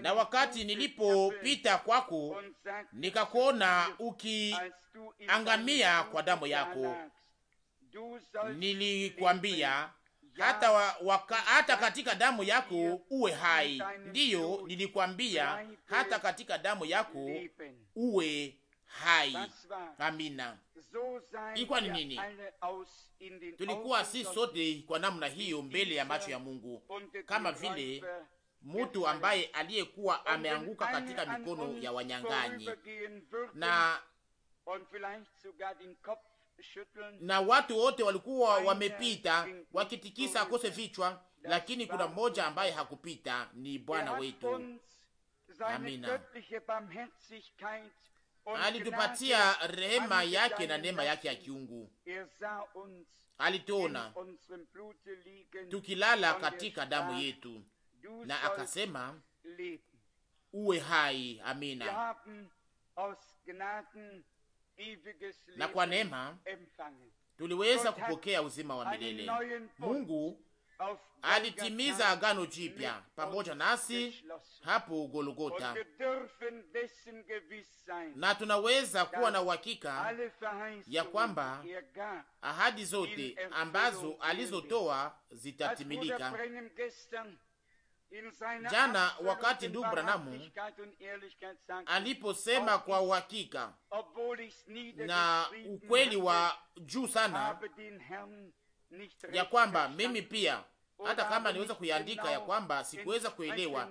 na wakati nilipopita kwako nikakuona ukiangamia kwa damu yako, nilikwambia hata, wa, waka, hata katika damu yako uwe hai. Ndiyo nilikwambia hata katika damu yako uwe hai. Amina. Ilikuwa ni nini? Tulikuwa si sote kwa namna hiyo mbele ya macho ya Mungu, kama vile mtu ambaye aliyekuwa ameanguka katika mikono ya wanyang'anyi na na watu wote walikuwa wamepita wakitikisa akose vichwa, lakini kuna mmoja ambaye hakupita, ni Bwana wetu. Amina. Alitupatia rehema yake na neema yake ya kiungu, er alituona tukilala er katika damu yetu, na akasema uwe hai. Amina na kwa neema tuliweza kupokea uzima wa milele. Mungu alitimiza agano jipya pamoja nasi hapo Golgota, na tunaweza kuwa na uhakika ya kwamba ahadi zote ambazo alizotoa zitatimilika jana wakati ndugu Branamu aliposema kwa uhakika na ukweli wa juu sana ya kwamba mimi pia hata kama niweza kuiandika ya kwamba sikuweza kuelewa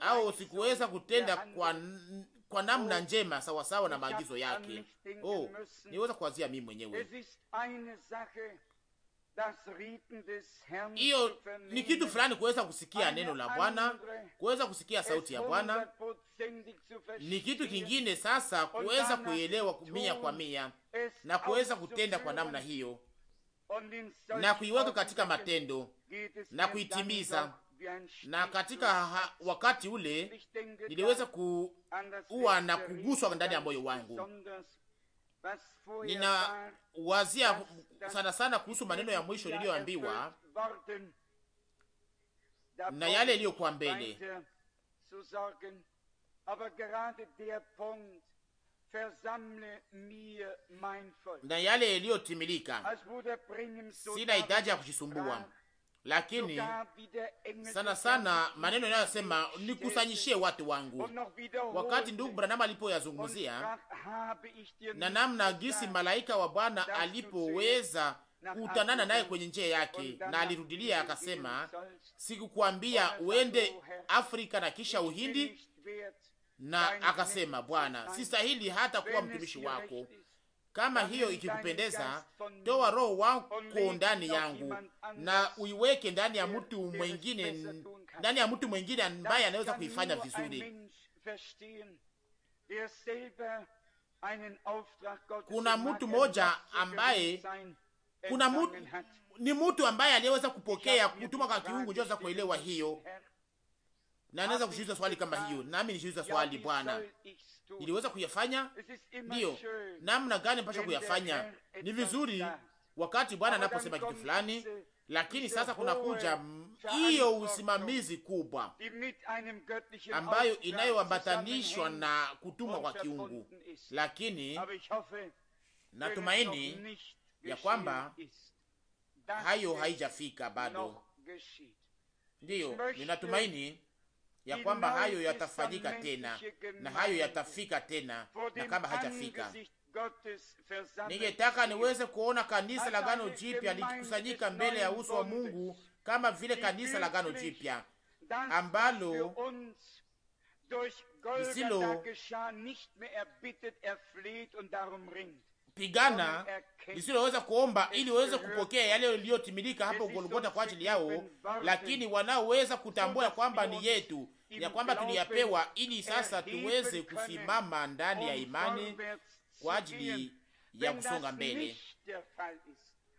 au sikuweza kutenda kwa, kwa namna njema sawasawa sawa na maagizo yake. Oh, niweza kuwazia mimi mwenyewe hiyo ni kitu fulani kuweza kusikia neno la Bwana, kuweza kusikia sauti ya Bwana ni kitu kingine. Sasa kuweza kuelewa mia kwa mia na kuweza kutenda kwa namna hiyo na kuiweka katika matendo na kuitimiza, na katika ha wakati ule niliweza kuwa na kuguswa ndani ya moyo wangu ninawazia sana sana kuhusu maneno ya mwisho niliyoambiwa na yale yaliyokuwa mbele na yale yaliyotimilika. Sina hitaji ya kujisumbua lakini sana sana maneno yanayosema nikusanyishie watu wangu, wakati ndugu Branham alipoyazungumzia na namna gisi malaika wa Bwana alipoweza kutanana naye kwenye njia yake, na alirudilia akasema, sikukuambia uende Afrika na kisha Uhindi? Na akasema, Bwana, si stahili hata kuwa mtumishi wako kama hiyo ikikupendeza, toa roho wako ndani yangu na uiweke ndani ya mtu mwengine, ndani ya mtu mwengine ambaye anaweza kuifanya vizuri. Er kuna mtu mmoja ambaye kuna mtu, ni mtu ambaye aliyeweza kupokea kutuma kwa kiungu ndio kuelewa hiyo, na anaweza kujiuliza swali kama hiyo, nami nijiuliza swali Bwana, iliweza kuyafanya, ndiyo namna gani mpasha kuyafanya. Ni vizuri wakati Bwana anaposema kitu fulani, uh, lakini sasa kuna kuja hiyo usimamizi kubwa ambayo inayoambatanishwa na kutumwa kwa kiungu, lakini natumaini ya kwamba hayo haijafika bado. Ndiyo, ninatumaini ya kwamba hayo yatafanyika tena na hayo yatafika tena, na kama hajafika ningetaka niweze kuona kanisa la gano Jipya likikusanyika mbele ya uso wa Mungu kama vile kanisa la gano Jipya ambalo lisilo er er pigana lisiloweza kuomba ili waweze kupokea yale yaliyotimilika hapo Golgota kwa ajili yao, lakini wanaoweza kutambua kwamba ni yetu ya kwamba tuliyapewa ili sasa tuweze kusimama ndani ya imani kwa ajili ya kusonga mbele.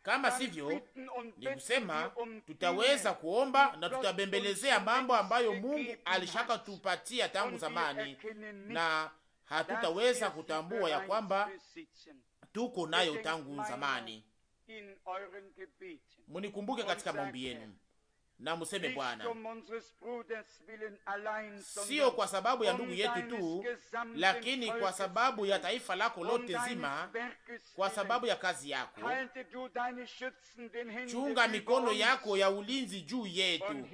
Kama sivyo, ni kusema tutaweza kuomba na tutabembelezea mambo ambayo Mungu alishaka tupatia tangu zamani, na hatutaweza kutambua ya kwamba tuko nayo tangu zamani. Munikumbuke katika maombi yenu na museme Bwana, sio kwa sababu ya ndugu yetu tu, lakini kwa sababu ya taifa lako lote zima, kwa sababu ya kazi yako. Chunga mikono yako ya ulinzi juu yetu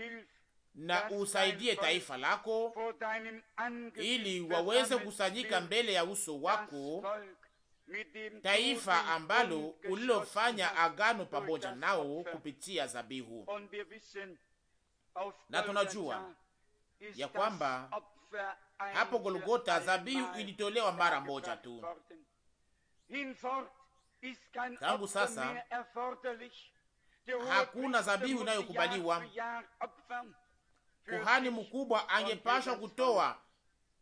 na usaidie taifa lako ili waweze kusanyika mbele ya uso wako taifa ambalo ulilofanya agano pamoja nao kupitia zabihu, na tunajua ya kwamba hapo Golgota zabihu ilitolewa mara moja tu. Tangu sasa hakuna zabihu inayokubaliwa. Kuhani mkubwa angepashwa kutoa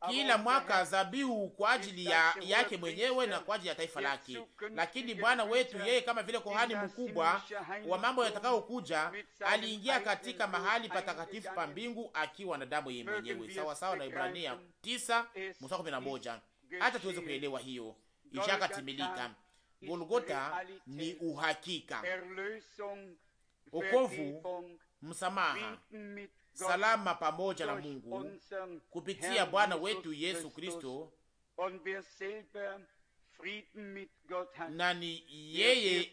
kila mwaka zabihu kwa ajili ya yake mwenyewe na kwa ajili ya taifa lake. Lakini Bwana wetu yeye, kama vile kohani mkubwa wa mambo yatakayokuja, aliingia katika mahali patakatifu pa mbingu akiwa na damu yeye mwenyewe, sawa sawa na Ibrania 9 mstari 11. Hata tuweze kuelewa hiyo ishaka timilika. Golgota ni uhakika, okovu msamaha salama pamoja na Mungu kupitia Bwana wetu Yesu Kristo, nani yeye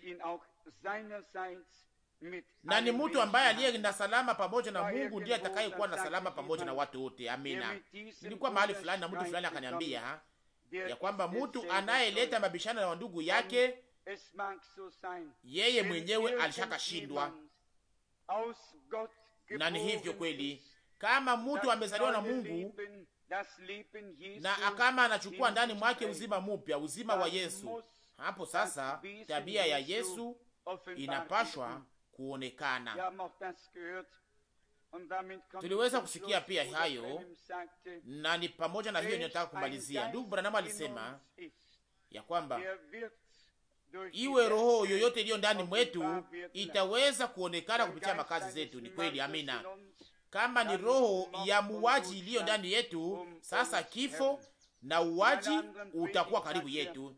nani mtu ambaye aliye na salama pamoja na Mungu ndiye atakayekuwa na salama pamoja na watu wote. Amina. Nilikuwa mahali fulani na mtu fulani akaniambia ya kwamba mtu anayeleta mabishano na ndugu yake yeye mwenyewe alishakashindwa na ni hivyo kweli, kama mtu amezaliwa na Mungu na kama anachukua ndani mwake uzima mupya, uzima wa Yesu, hapo sasa tabia ya Yesu inapashwa kuonekana. Tuliweza kusikia pia hayo, na ni pamoja na hiyo ninataka kumalizia. Ndugu Branham alisema ya kwamba iwe roho yoyote iliyo ndani mwetu itaweza kuonekana kupitia makazi zetu. Ni kweli, amina. Kama ni roho ya muwaji iliyo ndani yetu, sasa kifo na uwaji utakuwa karibu yetu.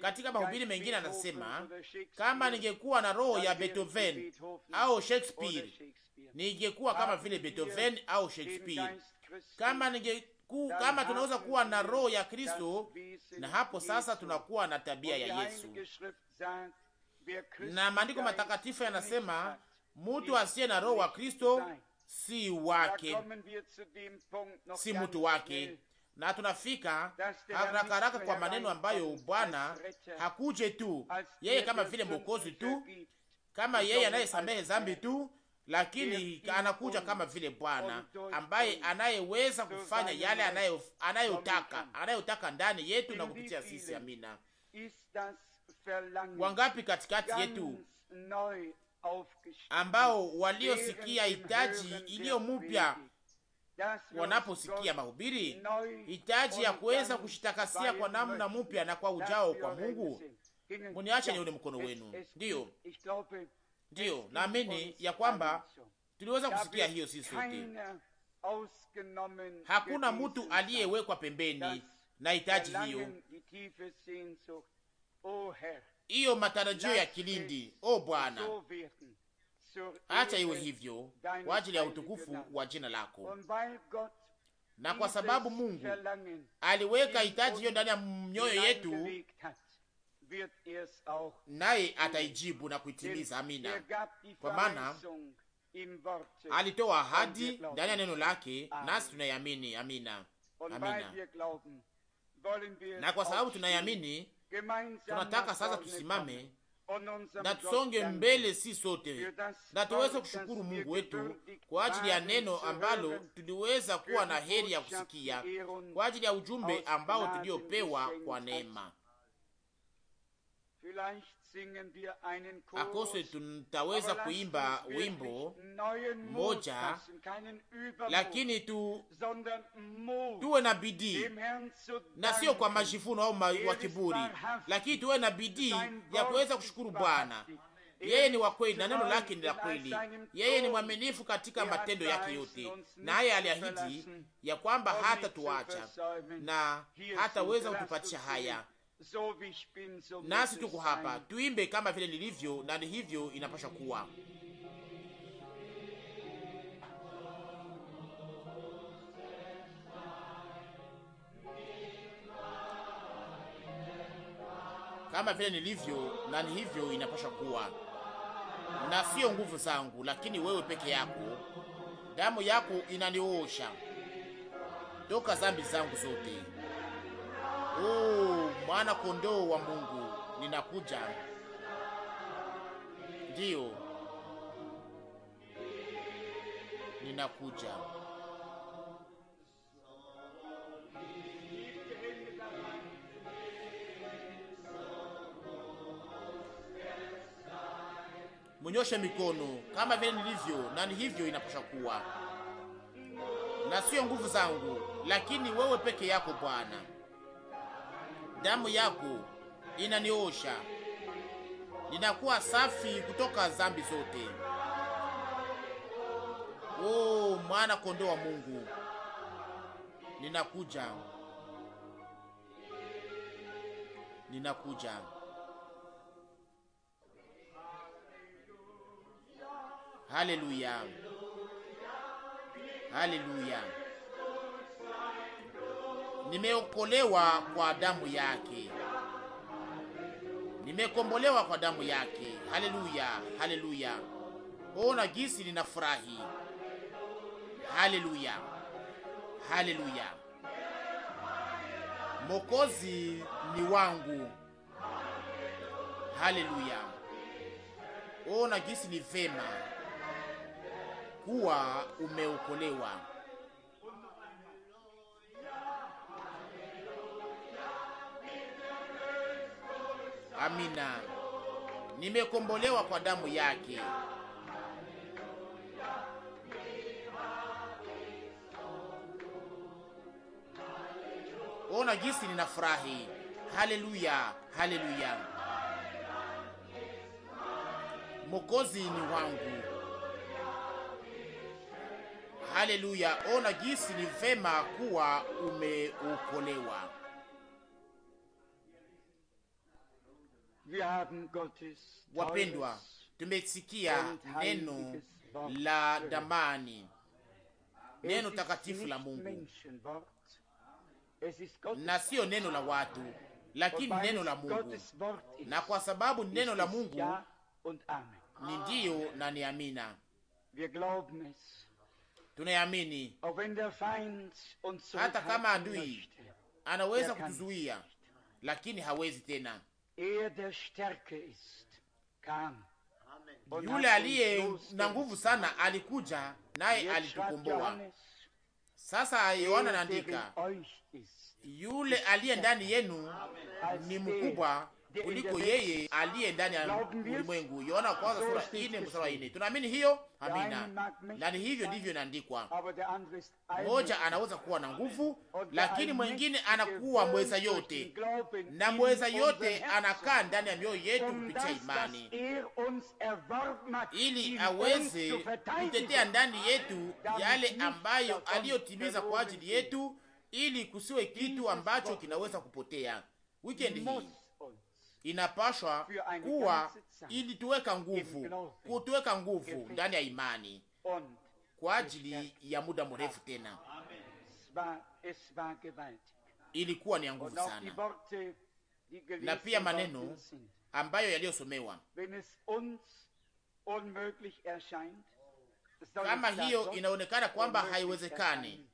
Katika mahubiri mengine anasema, kama ningekuwa na roho ya Beethoven au Shakespeare, ningekuwa kama vile Beethoven au Shakespeare. Kama ninge ku, kama tunaweza kuwa na roho ya Kristo, na hapo sasa tunakuwa na tabia ya Yesu. Na maandiko matakatifu yanasema mtu asiye na roho wa Kristo si wake, si mtu wake. Na tunafika haraka haraka kwa maneno ambayo Bwana hakuje tu yeye kama vile mwokozi tu, kama yeye anayesamehe dhambi tu, lakini anakuja kama vile Bwana ambaye anayeweza kufanya yale anayotaka anayotaka ndani yetu na kupitia sisi. Amina. Wangapi katikati yetu ambao waliosikia hitaji iliyo mupya wanaposikia mahubiri, hitaji ya kuweza kushitakasia kwa namna mupya na kwa ujao kwa Mungu? Muniache nione mkono wenu, ndiyo Ndiyo, naamini ya kwamba tuliweza kusikia hiyo sisi sote. Hakuna mtu aliyewekwa pembeni na hitaji hiyo, hiyo matarajio ya kilindi. O Bwana, acha iwe hivyo kwa ajili ya utukufu wa jina lako, na kwa sababu Mungu aliweka hitaji hiyo ndani ya mioyo yetu naye ataijibu na kuitimiza. Amina. Er kwa maana alitoa ahadi ndani ya neno lake, nasi tunaiamini. Amina, amina. Na kwa sababu tunaiamini, tunataka sasa tusimame na tusonge mbele, si sote na tuweze kushukuru Mungu wetu kwa ajili ya neno ambalo tuliweza kuwa na heri ya kusikia, kwa ajili ya ujumbe ambao tuliopewa kwa neema akose tutaweza kuimba wimbo moja, lakini tu tuwe na bidii na sio kwa majivuno au er wa kiburi, lakini tuwe na bidii ya kuweza kushukuru Bwana. Er yeye ni wa kweli na neno lake ni la kweli. Yeye ni mwaminifu katika er matendo yake yote, naye aliahidi ya kwamba um hata tuacha na hataweza kutupatisha haya nasi tuko hapa, tuimbe kama vile nilivyo, na ni hivyo inapasha kuwa. Kama vile nilivyo, na ni hivyo inapasha kuwa, na sio nguvu zangu, lakini wewe peke yako, damu yako inaniosha toka zambi zangu zote oh, mwana kondoo wa Mungu, ninakuja. Ndiyo, ninakuja. Munyoshe mikono kama vile nilivyo, na ni hivyo inapasha kuwa, na sio nguvu zangu, lakini wewe peke yako Bwana damu yako inaniosha, ninakuwa safi kutoka zambi zote. Oh, mwana kondoo wa Mungu, ninakuja, ninakuja. Haleluya, haleluya nimeokolewa kwa damu yake, nimekombolewa kwa damu yake. Haleluya, haleluya! Ona jinsi ninafurahi! Haleluya, haleluya! Mokozi ni wangu. Haleluya! Ona jinsi ni vema kuwa umeokolewa. Amina, nimekombolewa kwa damu yake. Ona jinsi ninafurahi! Haleluya, haleluya! Mokozi ni wangu. Haleluya! Ona jinsi ni vema kuwa umeokolewa. Wapendwa, tumesikia neno la damani, neno takatifu la Mungu, na siyo neno la watu, lakini neno la Mungu, na kwa sababu neno la Mungu ni ndiyo na ni amina. Tunayamini hata kama adui anaweza kutuzuia, lakini hawezi tena yule aliye na nguvu sana alikuja naye alitukomboa. Sasa Yohana anaandika, yule aliye ndani yenu ni mkubwa kuliko yeye aliye ndani ya ulimwengu. Yohana kwanza sura ine mstari wa Tunaamini hiyo? Amina. Na ni hivyo ndivyo inaandikwa. Mmoja anaweza kuwa na nguvu, lakini mwingine anakuwa mweza yote, na mweza yote anakaa ndani ya mioyo yetu kupitia imani, ili aweze kutetea ndani yetu yale ambayo aliyotimiza kwa ajili yetu, ili kusiwe kitu ambacho kinaweza kupotea. Wikendi hii inapashwa kuwa tuweka nguvu, kutuweka nguvu ndani ya imani kwa ajili ya muda mrefu tena. Ilikuwa ni ya nguvu sana, na pia maneno ambayo yaliyosomewa kama hiyo inaonekana kwamba haiwezekani,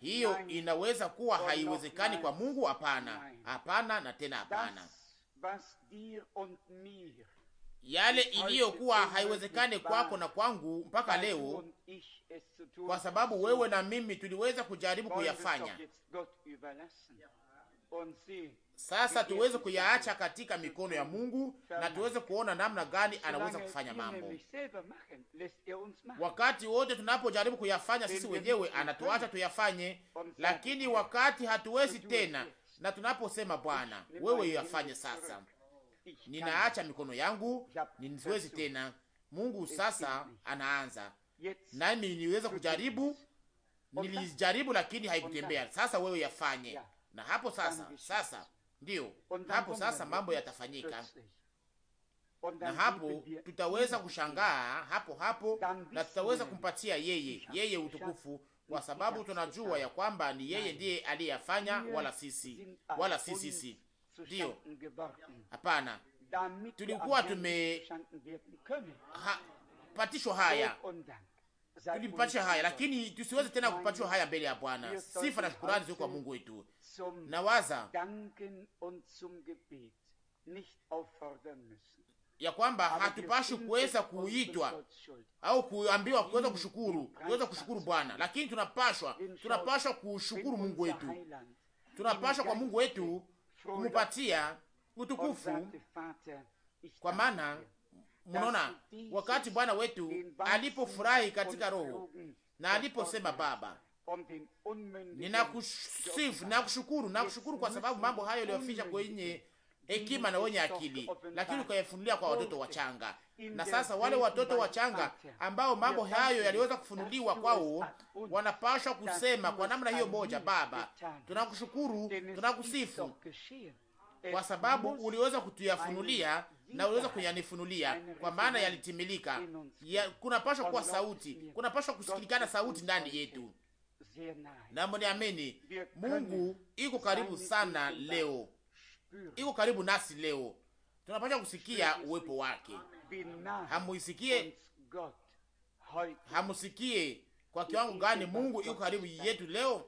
hiyo inaweza kuwa haiwezekani kwa Mungu? Hapana, hapana na tena hapana yale iliyokuwa haiwezekane kwako na kwangu mpaka leo, kwa sababu wewe na mimi tuliweza kujaribu kuyafanya. Sasa tuweze kuyaacha katika mikono ya Mungu na tuweze kuona namna gani anaweza kufanya mambo. Wakati wote tunapojaribu kuyafanya sisi wenyewe, anatuacha tuyafanye, lakini wakati hatuwezi tena na tunaposema Bwana, wewe yafanye sasa, ninaacha mikono yangu, nisiwezi tena. Mungu sasa anaanza nami, niweza kujaribu, nilijaribu lakini haikutembea. Sasa wewe yafanye, na hapo sasa, sasa ndiyo hapo sasa mambo yatafanyika na hapo tutaweza kushangaa hapo hapo, na tutaweza kumpatia yeye yeye utukufu kwa sababu tunajua ya kwamba ni yeye ndiye aliyeyafanya, wala sisi wala si sisi. Ndiyo, hapana, tulikuwa tumepatishwa haya tulipatisha haya, lakini tusiweze tena kupatishwa haya mbele ya Bwana. Sifa na shukurani zio kwa Mungu wetu. Nawaza ya kwamba hatupashi kuweza kuitwa au kuambiwa kuweza kushukuru, kuweza kushukuru Bwana, lakini tunapashwa, tunapashwa kushukuru Mungu wetu, tunapashwa kwa Mungu wetu kumupatia utukufu, kwa maana mnaona wakati Bwana wetu alipofurahi katika Roho na aliposema Baba, ninakusifu, nakushukuru, nakushukuru kwa sababu mambo hayo yaliyoficha kwenye hekima na wenye akili, lakini ukayafunulia kwa watoto wachanga. Na sasa wale watoto wachanga ambao mambo hayo yaliweza kufunuliwa kwao, wanapashwa kusema kwa namna hiyo moja: Baba, tunakushukuru, tunakusifu kwa sababu uliweza kutuyafunulia na uliweza kuyanifunulia, kwa maana yalitimilika. Ya, kunapashwa kuwa sauti, kunapashwa kusikilikana sauti ndani yetu, na mniamini, Mungu iko karibu sana leo iko karibu nasi leo, tunapasha kusikia uwepo wake. Hamuisikie, hamusikie kwa kiwango gani Mungu iko karibu yetu leo?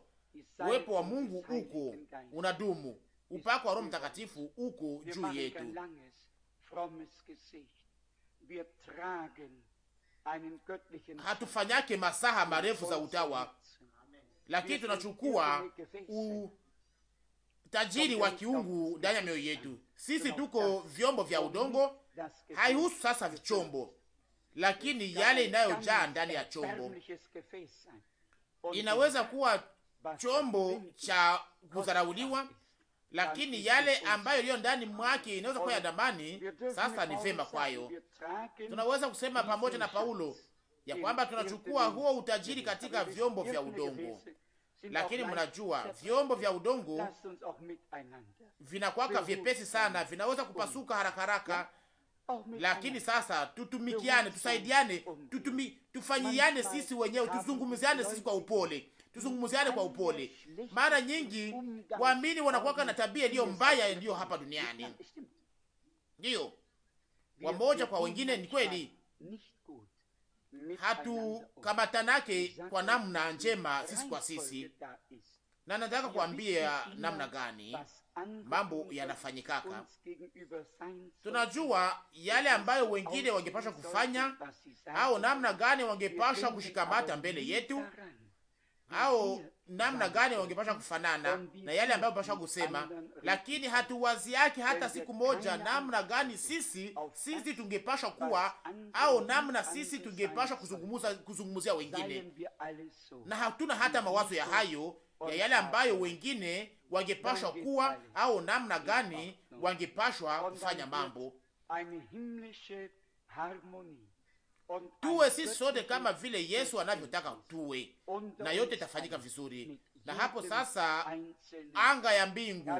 Uwepo wa Mungu uko unadumu, upako wa Roho Mtakatifu uko juu yetu. Hatufanyake masaha marefu za utawa, lakini tunachukua u tajiri wa kiungu ndani ya mioyo yetu. Sisi tuko vyombo vya udongo, haihusu sasa chombo, lakini yale inayojaa ndani ya chombo inaweza kuwa chombo cha kudharauliwa, lakini yale ambayo iliyo ndani mwake inaweza kuwa ya damani. Sasa ni vema kwayo, tunaweza kusema pamoja na Paulo ya kwamba tunachukua huo utajiri katika vyombo vya udongo lakini mnajua vyombo vya udongo vinakwaka vyepesi sana, vinaweza kupasuka haraka haraka. Lakini sasa tutumikiane, tusaidiane, tutumi, tufanyiane sisi wenyewe, tuzungumziane sisi kwa upole, tuzungumziane kwa upole. Mara nyingi waamini wanakuwaka na tabia iliyo mbaya iliyo hapa duniani, ndiyo wamoja kwa wengine, ni kweli hatukamatanake kwa namna njema sisi kwa sisi, na nataka kuambia namna gani mambo yanafanyikaka. Tunajua yale ambayo wengine wangepashwa kufanya au namna gani wangepashwa kushikamata mbele yetu au namna gani wangepasha kufanana na yale ambayo pasha kusema, lakini hatuwazi yake hata siku moja, namna gani sisi sisi tungepasha kuwa au namna sisi tungepasha kuzungumza kuzungumzia wengine, na hatuna hata mawazo ya hayo ya yale ambayo wengine wangepashwa kuwa au namna gani wangepashwa kufanya mambo tuwe sisi sote kama vile Yesu anavyotaka tuwe, na yote itafanyika vizuri. Na hapo sasa, anga ya mbingu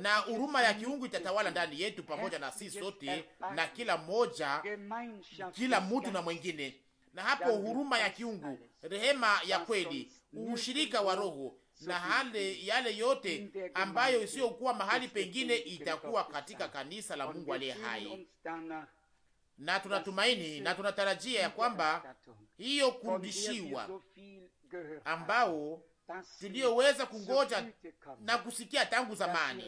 na huruma ya kiungu itatawala ndani yetu pamoja na sisi sote na kila moja, kila mtu na mwengine. Na hapo huruma ya kiungu, rehema ya kweli, ushirika wa Roho na hale yale yote ambayo isiyokuwa mahali pengine itakuwa katika kanisa la Mungu aliye hai na tunatumaini na tunatarajia ya kwamba hiyo kurudishiwa ambao tuliyoweza kungoja na kusikia tangu zamani,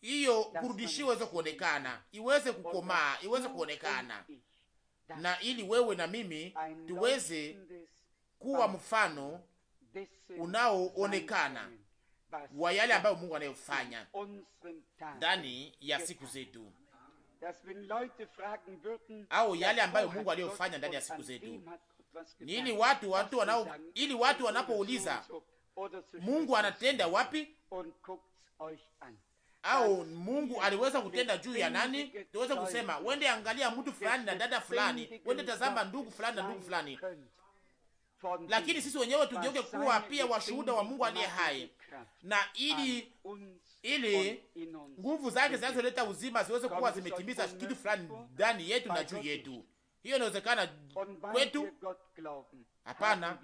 hiyo kurudishiwa iweze kuonekana, iweze kukomaa, iweze kuonekana, na ili wewe na mimi tuweze kuwa mfano unaoonekana wa yale ambayo Mungu anayofanya ndani ya siku zetu au yale ambayo Mungu aliyofanya ndani ya siku zetu, ni ili watu watu wanao, ili watu wanapouliza Mungu anatenda wapi au Mungu aliweza kutenda juu ya nani, tuweze kusema wende angalia mtu fulani na dada fulani, wende tazama ndugu fulani na ndugu fulani. Lakini sisi wenyewe tugeuke kuwa pia washuhuda wa Mungu aliye hai, na ili ili nguvu zake zinazoleta uzima ziweze kuwa zimetimiza kitu fulani ndani yetu na juu yetu. Hiyo inawezekana kwetu? Hapana,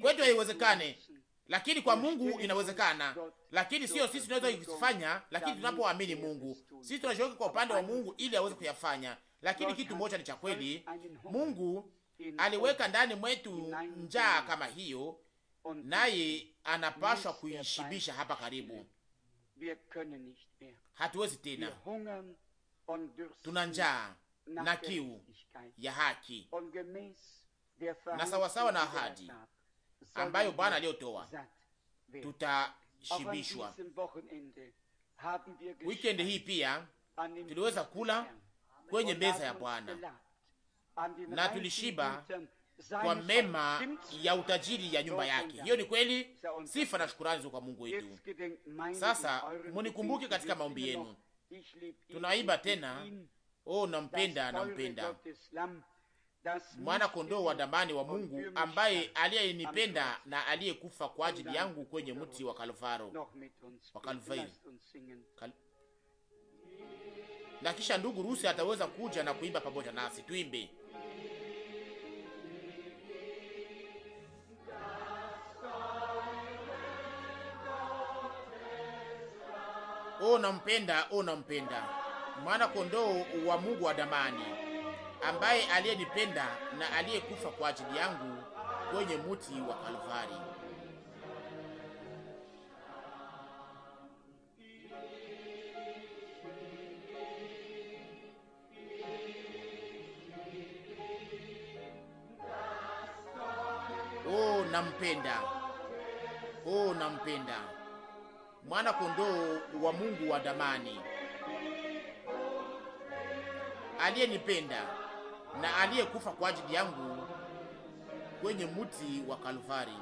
kwetu haiwezekane, lakini kwa Mungu inawezekana. Lakini sio sisi tunaweza kufanya, lakini tunapoamini Mungu, sisi tunajiweka kwa upande wa Mungu ili aweze kuyafanya. Lakini kitu moja ni cha kweli, Mungu aliweka ndani mwetu njaa kama hiyo naye anapashwa kuishibisha hapa karibu. Hatuwezi tena, tuna njaa na kiu ya haki na sawasawa na ahadi ambayo Bwana aliyotoa tutashibishwa. Wikendi hii pia tuliweza kula kwenye meza ya Bwana na tulishiba kwa mema ya utajiri ya nyumba yake. Hiyo ni kweli. Sifa na shukurani kwa Mungu wetu. Sasa munikumbuke katika maombi yenu, tunaimba tena, oh, nampenda, nampenda mwana kondoo wa damani wa Mungu ambaye aliyenipenda na aliyekufa kwa ajili yangu kwenye mti wa Kalvaro wa Kalvaro. Kal... na kisha ndugu Rusi ataweza kuja na kuimba pamoja nasi, tuimbe O, nampenda o, nampenda mwana kondoo wa Mungu wa damani, ambaye aliyenipenda na aliyekufa kwa ajili yangu kwenye muti wa Kalvari. O, nampenda o, nampenda mwana kondoo wa Mungu wa damani aliyenipenda na aliyekufa kwa ajili yangu kwenye muti wa Kalvari.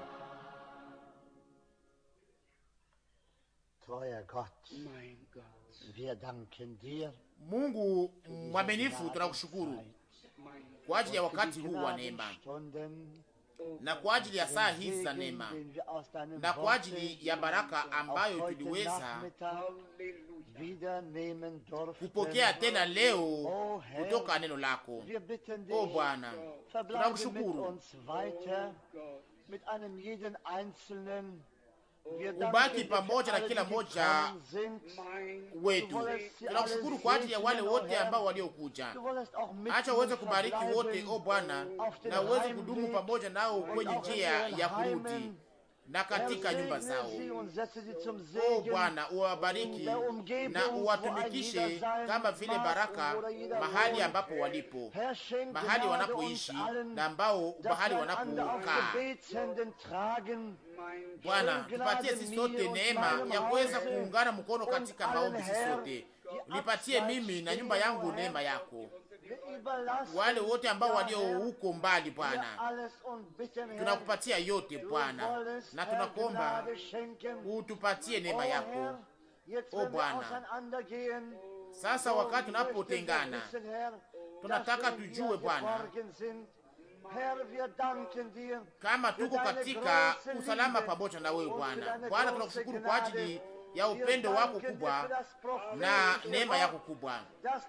Treuer Gott, mein Gott, wir danken dir. Mungu mwaminifu, tunakushukuru kwa ajili ya wakati huu wa neema na kwa ajili ya saa hii za neema na kwa ajili ya baraka ambayo tuliweza kupokea tena leo kutoka neno lako. O Bwana, tunakushukuru ubaki pamoja na kila moja wetu. Tunakushukuru kwa ajili ya wale wote ambao waliokuja. Acha uweze kubariki wote, o Bwana, na uweze kudumu pamoja nao kwenye njia ya kurudi na katika nyumba zao. O oh, Bwana, uwabariki na uwatumikishe kama vile baraka mahali ambapo walipo, mahali wanapoishi na ambao mahali wanapokaa. Bwana, tupatie sisi sote neema ya kuweza kuungana mkono katika maombi sisi sote. Nipatie mimi na nyumba yangu neema yako wale wote ambao walio huko mbali. Bwana, tunakupatia yote Bwana, na tunakuomba utupatie neema yako, o Bwana. Sasa wakati tunapotengana, tunataka tujue Bwana kama tuko katika usalama pamoja na wewe Bwana. Bwana, tunakushukuru kwa ajili ya upendo wako kubwa na neema yako kubwa.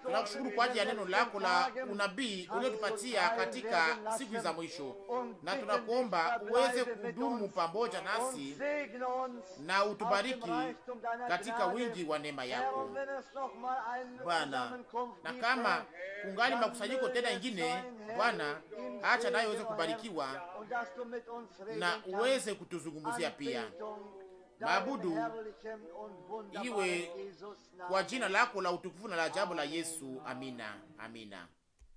Tunakushukuru kwa ajili ya neno lako la unabii uliotupatia katika siku za mwisho, na tunakuomba uweze kudumu pamoja nasi na utubariki katika wingi wa neema yako Bwana. Na kama kungali makusanyiko tena ingine, Bwana, acha nayo uweze kubarikiwa na uweze kutuzungumzia pia maabudu iwe kwa jina lako la utukufu na la ajabu la Yesu. Amina, amina.